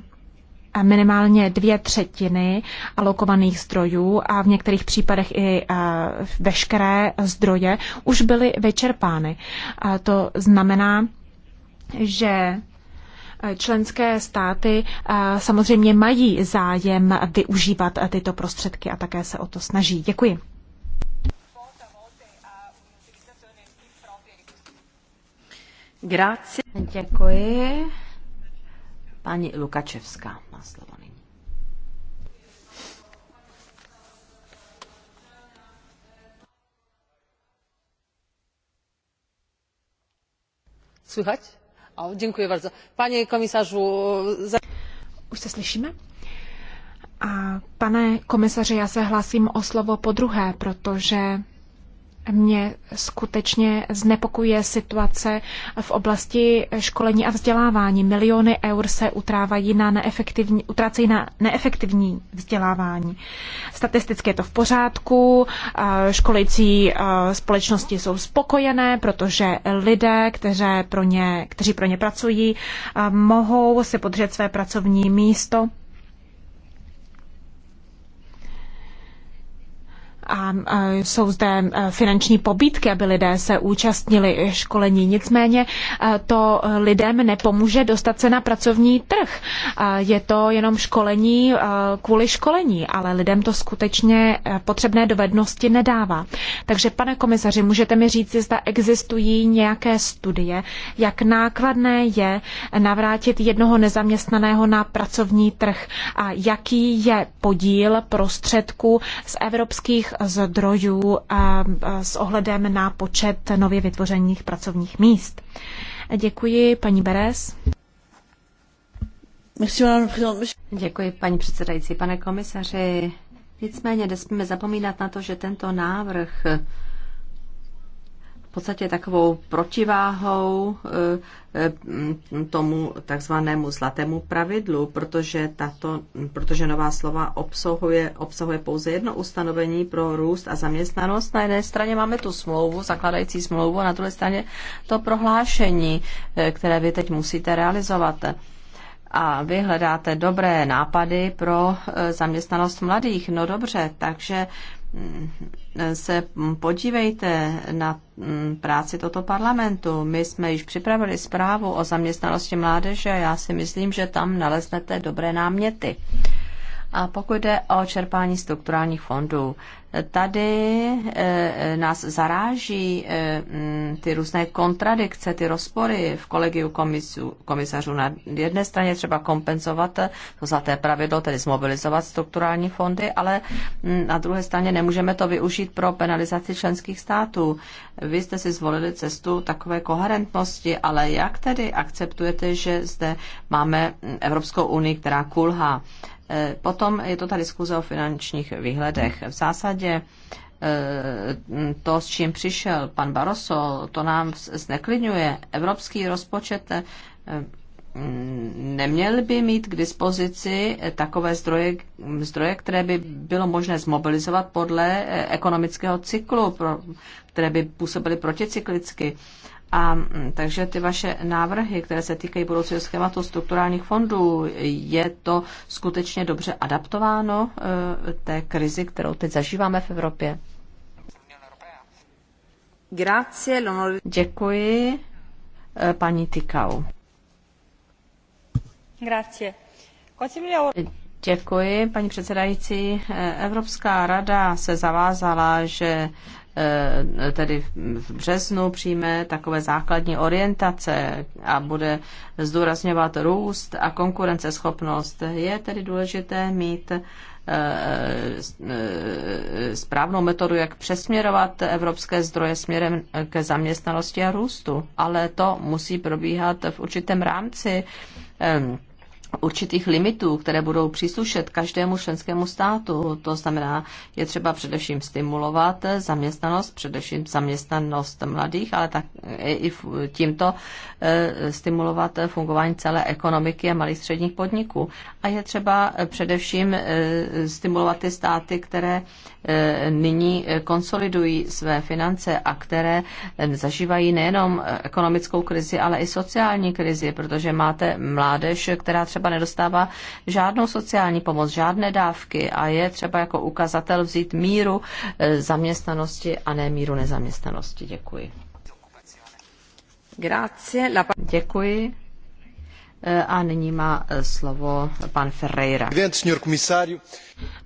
minimálně dvě třetiny alokovaných zdrojů a v některých případech i veškeré zdroje už byly vyčerpány. A to znamená, že členské státy samozřejmě mají zájem využívat tyto prostředky a také se o to snaží. Děkuji. Grazie. Děkuji. Paní Lukačevská má slovo nyní. Slychať? O, děkuji bardzo. Pane komisařu... Za... Už se slyšíme? A pane komisaři, já se hlásím o slovo po druhé, protože mě skutečně znepokuje situace v oblasti školení a vzdělávání. Miliony eur se utrávají na neefektivní, utrácejí na neefektivní vzdělávání. Statisticky je to v pořádku, školicí společnosti jsou spokojené, protože lidé, kteří pro ně, kteří pro ně pracují, mohou si podřet své pracovní místo a jsou zde e, finanční pobídky, aby lidé se účastnili školení. Nicméně e, to lidem nepomůže dostat se na pracovní trh. E, je to jenom školení kvůli školení, ale lidem to skutečně potřebné dovednosti nedává. Takže, pane komisaři, můžete mi říct, zda existují nějaké studie, jak nákladné je navrátit jednoho nezaměstnaného na pracovní trh a jaký je podíl prostředků z evropských zdrojů s ohledem na počet nově vytvořených pracovních míst. Děkuji, paní Beres. Děkuji, paní předsedající. Pane komisaři, nicméně nesmíme zapomínat na to, že tento návrh podstatě takovou protiváhou eh, eh, tomu takzvanému zlatému pravidlu, protože, tato, protože nová slova obsahuje, obsahuje pouze jedno ustanovení pro růst a zaměstnanost. Na jedné straně máme tu smlouvu, zakladající smlouvu, a na druhé straně to prohlášení, eh, které vy teď musíte realizovat a vy hledáte dobré nápady pro zaměstnanost mladých. No dobře, takže se podívejte na mm, práci toto parlamentu. My jsme již připravili zprávu o zaměstnanosti mládeže a já si myslím, že tam naleznete dobré náměty. A pokud jde o čerpání strukturálních fondů, tady eh, eh, nás zaráží eh, mm, ty různé kontradikce, ty rozpory v kolegiu komisu, komisařů. Na jedné straně třeba kompenzovat to zlaté pravidlo, tedy zmobilizovat strukturální fondy, ale mm, na druhé straně nemůžeme to využít pro penalizaci členských států. Vy jste si zvolili cestu takové koherentnosti, ale jak tedy akceptujete, že zde máme mm, Evropskou unii, která kulhá? Potom je to ta diskuze o finančních výhledech. V zásadě eh, to, s čím přišel pan Barroso, to nám zneklidňuje. Evropský rozpočet eh, neměl by mít k dispozici eh, takové zdroje, zdroje, které by bylo možné zmobilizovat podle ekonomického cyklu, které by působily proticyklicky. A mm, takže ty vaše návrhy, které se týkají budoucího schématu strukturálních fondů, je to skutečně dobře adaptováno e, té krizi, kterou teď zažíváme v Evropě? Děkuji, e, paní Tikau. Grazie. Děkuji, paní předsedající. E, Evropská rada se zavázala, že Eh, tedy v březnu přijme takové základní orientace a bude zdůrazňovat růst a konkurenceschopnost. Je tedy důležité mít eh, eh, správnou metodu, jak přesměrovat evropské zdroje směrem ke zaměstnanosti a růstu. Ale to musí probíhat v určitém rámci určitých limitů, které budou příslušet každému členskému státu. To znamená, je třeba především stimulovat zaměstnanost, především zaměstnanost mladých, ale tak i tímto eh, stimulovat fungování celé ekonomiky a malých středních podniků. A je třeba eh, především eh, stimulovat ty státy, které nyní konsolidují své finance a které zažívají nejenom ekonomickou krizi, ale i sociální krizi, protože máte mládež, která třeba třeba nedostává žádnou sociální pomoc, žádné dávky a je třeba jako ukazatel vzít míru e, zaměstnanosti a ne míru nezaměstnanosti. Děkuji. Grazie. Děkuji. E, a nyní má e, slovo pan Ferreira.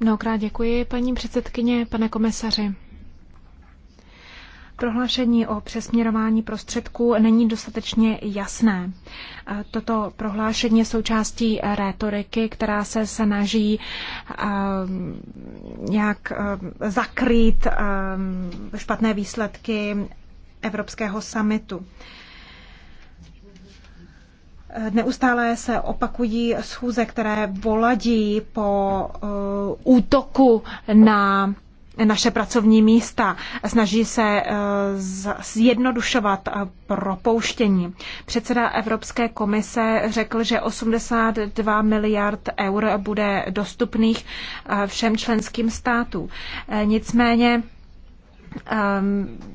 Mnohokrát děkuji, paní předsedkyně, pane komisaři. Prohlášení o přesměrování prostředků není dostatečně jasné. Toto prohlášení je součástí rétoriky, která se snaží ehm, nějak ehm, zakrýt ehm, špatné výsledky Evropského summitu. Neustále se opakují schůze, které voladí po eh, útoku na naše pracovní místa, snaží se eh, zjednodušovat eh, propouštění. Předseda Evropské komise řekl, že 82 miliard eur bude dostupných eh, všem členským státům. Nicméně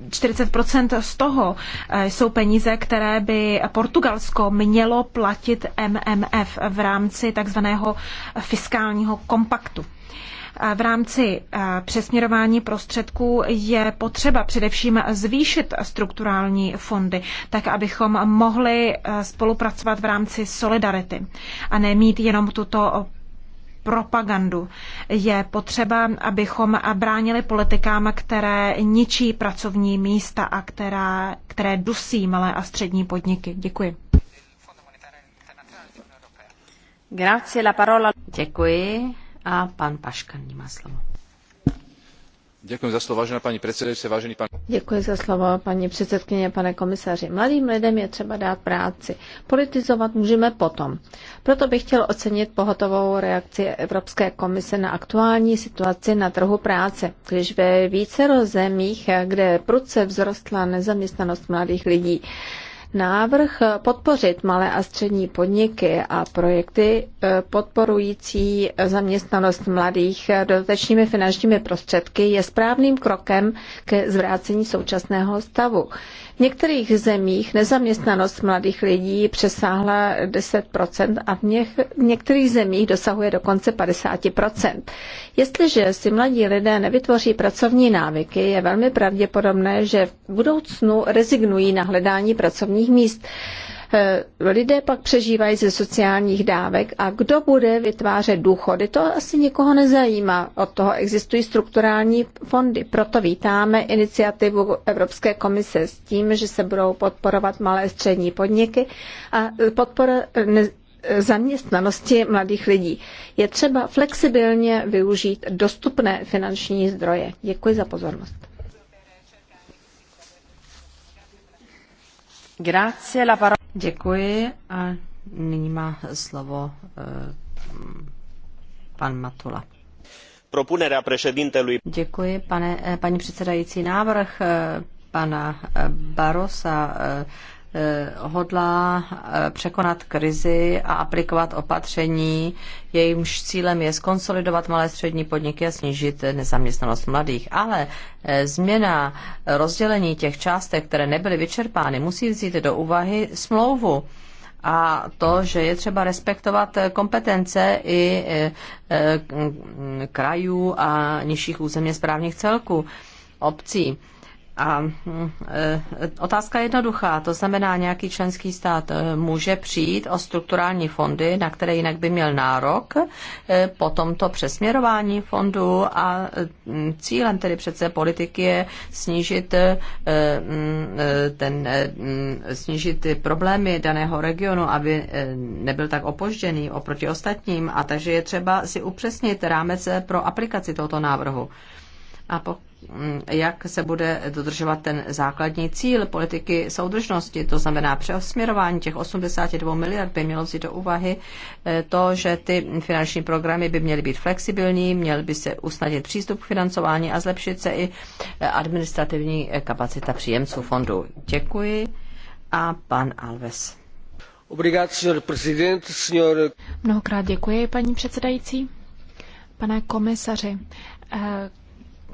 40 ehm, z toho jsou peníze, které by Portugalsko mělo platit MMF v rámci takzvaného fiskálního kompaktu. V rámci přesměrování prostředků je potřeba především zvýšit strukturální fondy, tak abychom mohli spolupracovat v rámci solidarity a nemít jenom tuto propagandu. Je potřeba, abychom bránili politikám, které ničí pracovní místa a která, které dusí malé a střední podniky. Děkuji. Grazie la parola. Děkuji a pan Paškan má slovo. Děkuji za slovo, vážená paní předsedající, vážený pan... Děkuji za slovo, paní předsedkyně, pane komisaři. Mladým lidem je třeba dát práci. Politizovat můžeme potom. Proto bych chtěl ocenit pohotovou reakci Evropské komise na aktuální situaci na trhu práce. Když ve více zemích, kde prudce vzrostla nezaměstnanost mladých lidí, Návrh podpořit malé a střední podniky a projekty eh, podporující zaměstnanost mladých dodatečnými finančními prostředky je správným krokem ke zvrácení současného stavu. V některých zemích nezaměstnanost mladých lidí přesáhla 10% a v, něch, v některých zemích dosahuje dokonce 50%. Jestliže si mladí lidé nevytvoří pracovní návyky, je velmi pravděpodobné, že v budoucnu rezignují na hledání pracovních míst. Eh, lidé pak přežívají ze sociálních dávek a kdo bude vytvářet důchody, to asi nikoho nezajímá. Od toho existují strukturální fondy. Proto vítáme iniciativu Evropské komise s tím, že se budou podporovat malé střední podniky a podpora ne- zaměstnanosti mladých lidí. Je třeba flexibilně využít dostupné finanční zdroje. Děkuji za pozornost. Děkuji a nyní má slovo eh, pan Matula propunerea președintelui. Děkuji, pane, eh, paní předsedající. Návrh eh, pana Barosa Eh, hodlá eh, překonat krizi a aplikovat opatření. Jejímž cílem je skonsolidovat malé střední podniky a snížit nezaměstnanost mladých. Ale eh, změna rozdělení těch částek, které nebyly vyčerpány, musí vzít do úvahy smlouvu a to, že je třeba respektovat kompetence i krajů a nižších územně správních celků obcí. A mm, e, otázka je jednoduchá, to znamená, nějaký členský stát e, může přijít o strukturální fondy, na které jinak by měl nárok e, po tomto přesměrování fondů a mm, cílem tedy přece politiky je snížit, mm, ten, snížit ty problémy daného regionu, aby nebyl tak opožděný oproti ostatním a takže je třeba si upřesnit rámec pro aplikaci tohoto návrhu a po, mm, jak se bude dodržovat ten základní cíl politiky soudržnosti, to znamená přeosměrování těch 82 miliard by mělo si do úvahy eh, to, že ty finanční programy by měly být flexibilní, měl by se usnadnit přístup k financování a zlepšit se i eh, administrativní eh, kapacita příjemců fondu. Děkuji a pan Alves. Mnohokrát děkuji, paní předsedající. Pane komisaři,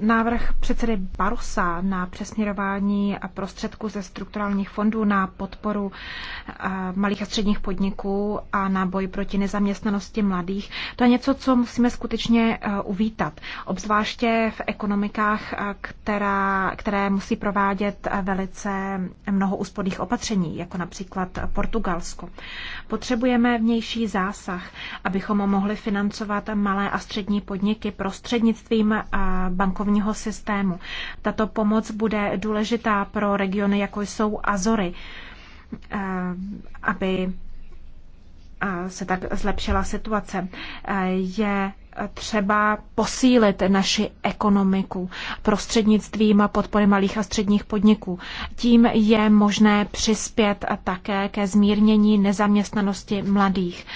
návrh předsedy Barosa na přesměrování prostředků ze strukturálních fondů na podporu eh, malých a středních podniků a na boj proti nezaměstnanosti mladých, to je něco, co musíme skutečně eh, uvítat. Obzvláště v ekonomikách, eh, která, které musí provádět velice mnoho úsporných opatření, jako například Portugalsko. Potřebujeme vnější zásah, abychom mohli financovat malé a střední podniky prostřednictvím bankovní bankovního systému. Tato pomoc bude důležitá pro regiony, jako jsou Azory, eh, aby eh, se tak zlepšila situace. Eh, je třeba posílit naši ekonomiku prostřednictvím podpory malých a středních podniků. Tím je možné přispět také ke zmírnění nezaměstnanosti mladých.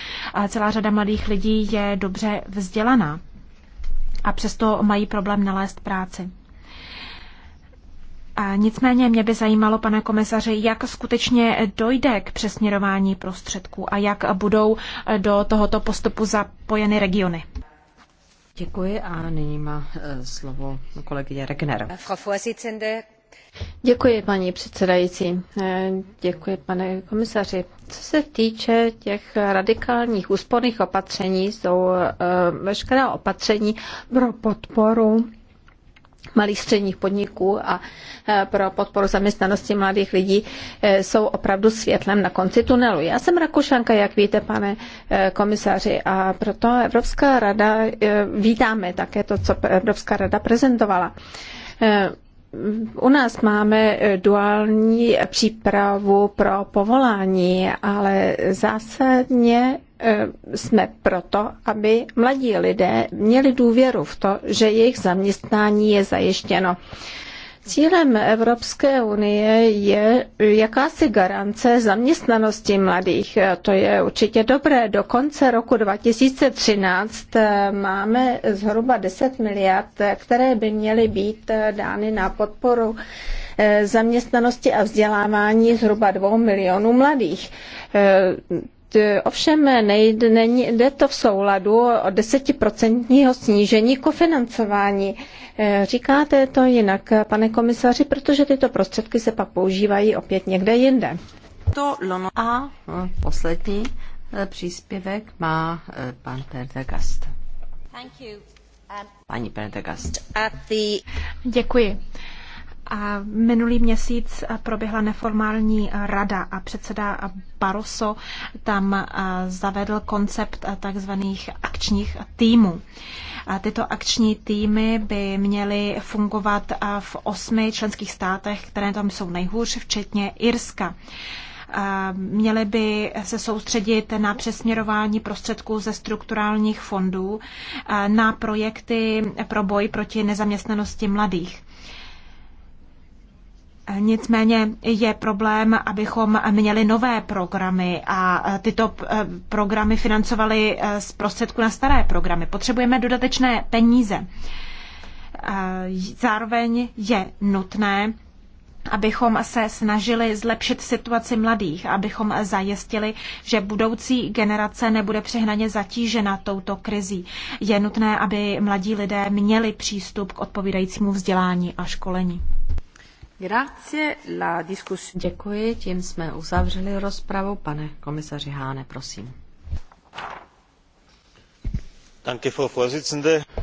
Celá řada mladých lidí je dobře vzdělaná a přesto mají problém nalézt práci. A nicméně mě by zajímalo, pane komisaři, jak skutečně dojde k přesměrování prostředků a jak budou do tohoto postupu zapojeny regiony. Děkuji a nyní má eh, slovo kolegyně Regner. Děkuji, paní předsedající. Eh, děkuji, pane komisaři. Co se týče těch radikálních úsporných opatření, jsou eh, veškerá opatření pro podporu malých středních podniků a eh, pro podporu zaměstnanosti mladých lidí jsou opravdu světlem na konci tunelu. Já jsem Rakušanka, jak víte, pane komisaři, a proto Evropská rada, vítáme také to, co Evropská rada prezentovala u nás máme eh, duální přípravu pro povolání, ale zásadně eh, jsme proto, aby mladí lidé měli důvěru v to, že jejich zaměstnání je zajištěno. Cílem Evropské unie je jakási garance zaměstnanosti mladých. To je určitě dobré. Do konce roku 2013 eh, máme zhruba 10 miliard, které by měly být eh, dány na podporu eh, zaměstnanosti a vzdělávání zhruba 2 milionů mladých Ovšem nejde, nejde to v souladu o desetiprocentního snížení kofinancování. Eh, říkáte to jinak, pane komisaři, protože tyto prostředky se pak používají opět někde jinde. To A poslední eh, příspěvek má eh, pan Perdegast. Paní Perdegast. Děkuji. Minulý měsíc proběhla neformální rada a předseda Barroso tam zavedl koncept takzvaných akčních týmů. Tyto akční týmy by měly fungovat v osmi členských státech, které tam jsou nejhůř, včetně Irska měly by se soustředit na přesměrování prostředků ze strukturálních fondů na projekty pro boj proti nezaměstnanosti mladých. Nicméně je problém, abychom měli nové programy a tyto eh, programy financovaly eh, z prostředku na staré programy. Potřebujeme dodatečné peníze. Eh, zároveň je nutné, abychom se snažili zlepšit situaci mladých, abychom zajistili, že budoucí generace nebude přehnaně zatížena touto krizí. Je nutné, aby mladí lidé měli přístup k odpovídajícímu vzdělání a školení. Děkuji, tím jsme uzavřeli rozpravu. Pane komisaři Háne, prosím.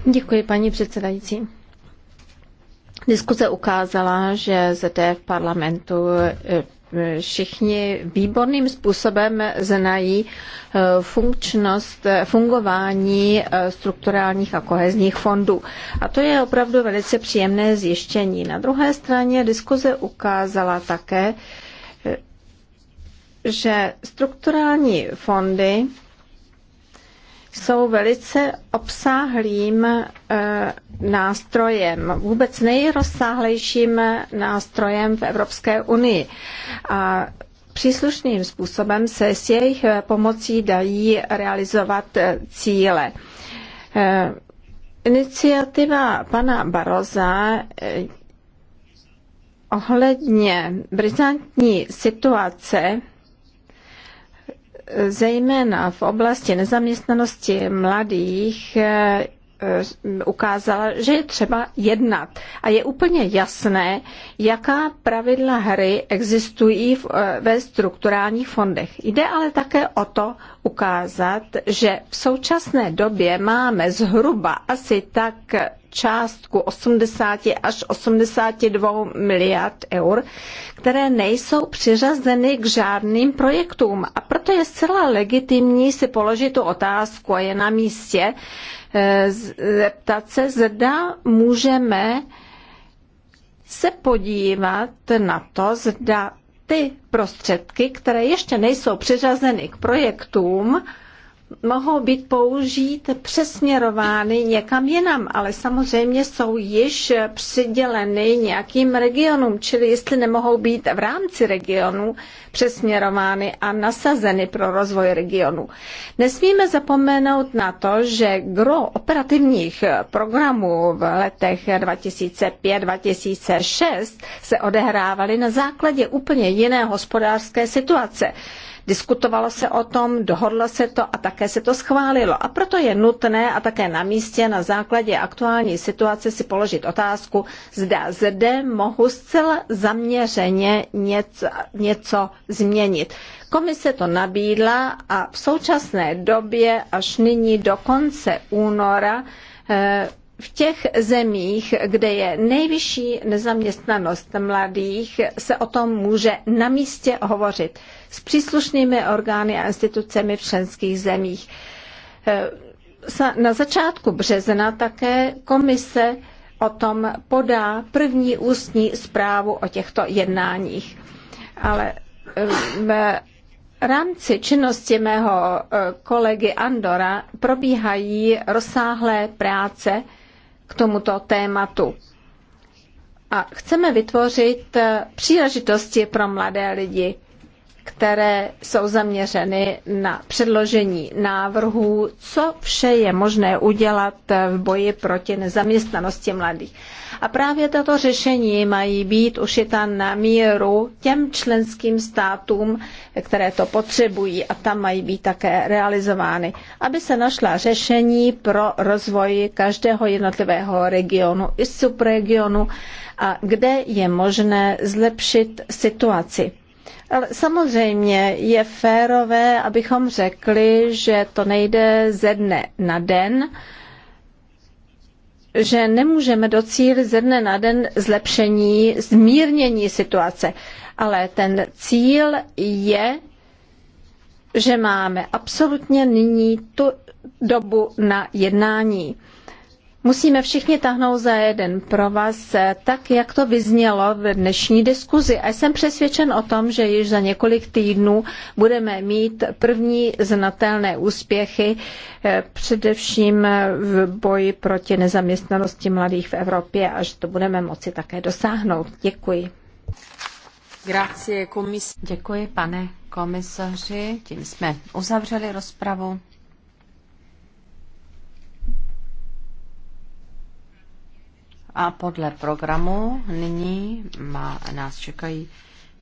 Děkuji, paní předsedající. Diskuze ukázala, že zde v parlamentu eh, všichni výborným způsobem znají eh, funkčnost, eh, fungování eh, strukturálních a kohezních fondů. A to je opravdu velice příjemné zjištění. Na druhé straně diskuze ukázala také, že strukturální fondy jsou velice obsáhlým eh, nástrojem, vůbec nejrozsáhlejším nástrojem v Evropské unii. A příslušným způsobem se s jejich eh, pomocí dají realizovat eh, cíle. Iniciativa pana Baroza ohledně brizantní situace zejména v oblasti nezaměstnanosti mladých Eh, ukázala, že je třeba jednat. A je úplně jasné, jaká pravidla hry existují v, eh, ve strukturálních fondech. Jde ale také o to ukázat, že v současné době máme zhruba asi tak částku 80 až 82 miliard eur, které nejsou přiřazeny k žádným projektům. A proto je zcela legitimní si položit tu otázku a je na místě, Eh, zeptat se, zda můžeme se podívat na to, zda ty prostředky, které ještě nejsou přiřazeny k projektům, mohou být použít přesměrovány někam jinam, ale samozřejmě jsou již přiděleny nějakým regionům, čili jestli nemohou být v rámci regionu přesměrovány a nasazeny pro rozvoj regionu. Nesmíme zapomenout na to, že gro operativních programů v letech 2005-2006 se odehrávaly na základě úplně jiné hospodářské situace. Diskutovalo se o tom, dohodlo se to a také se to schválilo. A proto je nutné a také na místě na základě aktuální situace si položit otázku, zda zde mohu zcela zaměřeně něco, něco změnit. Komise to nabídla a v současné době až nyní do konce února eh, v těch zemích, kde je nejvyšší nezaměstnanost mladých, se o tom může na místě hovořit s příslušnými orgány a institucemi v členských zemích. Eh, na začátku března také komise o tom podá první ústní zprávu o těchto jednáních. Ale eh, v rámci činnosti mého eh, kolegy Andora probíhají rozsáhlé práce k tomuto tématu. A chceme vytvořit příležitosti pro mladé lidi které jsou zaměřeny na předložení návrhů, co vše je možné udělat v boji proti nezaměstnanosti mladých. A právě tato řešení mají být ušita na míru těm členským státům, které to potřebují a tam mají být také realizovány, aby se našla řešení pro rozvoj každého jednotlivého regionu i subregionu a kde je možné zlepšit situaci samozřejmě je férové, abychom řekli, že to nejde ze dne na den, že nemůžeme docílit ze dne na den zlepšení, zmírnění situace. Ale ten cíl je, že máme absolutně nyní tu dobu na jednání. Musíme všichni tahnout za jeden provaz, tak jak to vyznělo v dnešní diskuzi. A jsem přesvědčen o tom, že již za několik týdnů budeme mít první znatelné úspěchy, eh, především v boji proti nezaměstnanosti mladých v Evropě a že to budeme moci také dosáhnout. Děkuji. Děkuji, pane komisaři. Tím jsme uzavřeli rozpravu. A podle programu nyní má, nás čekají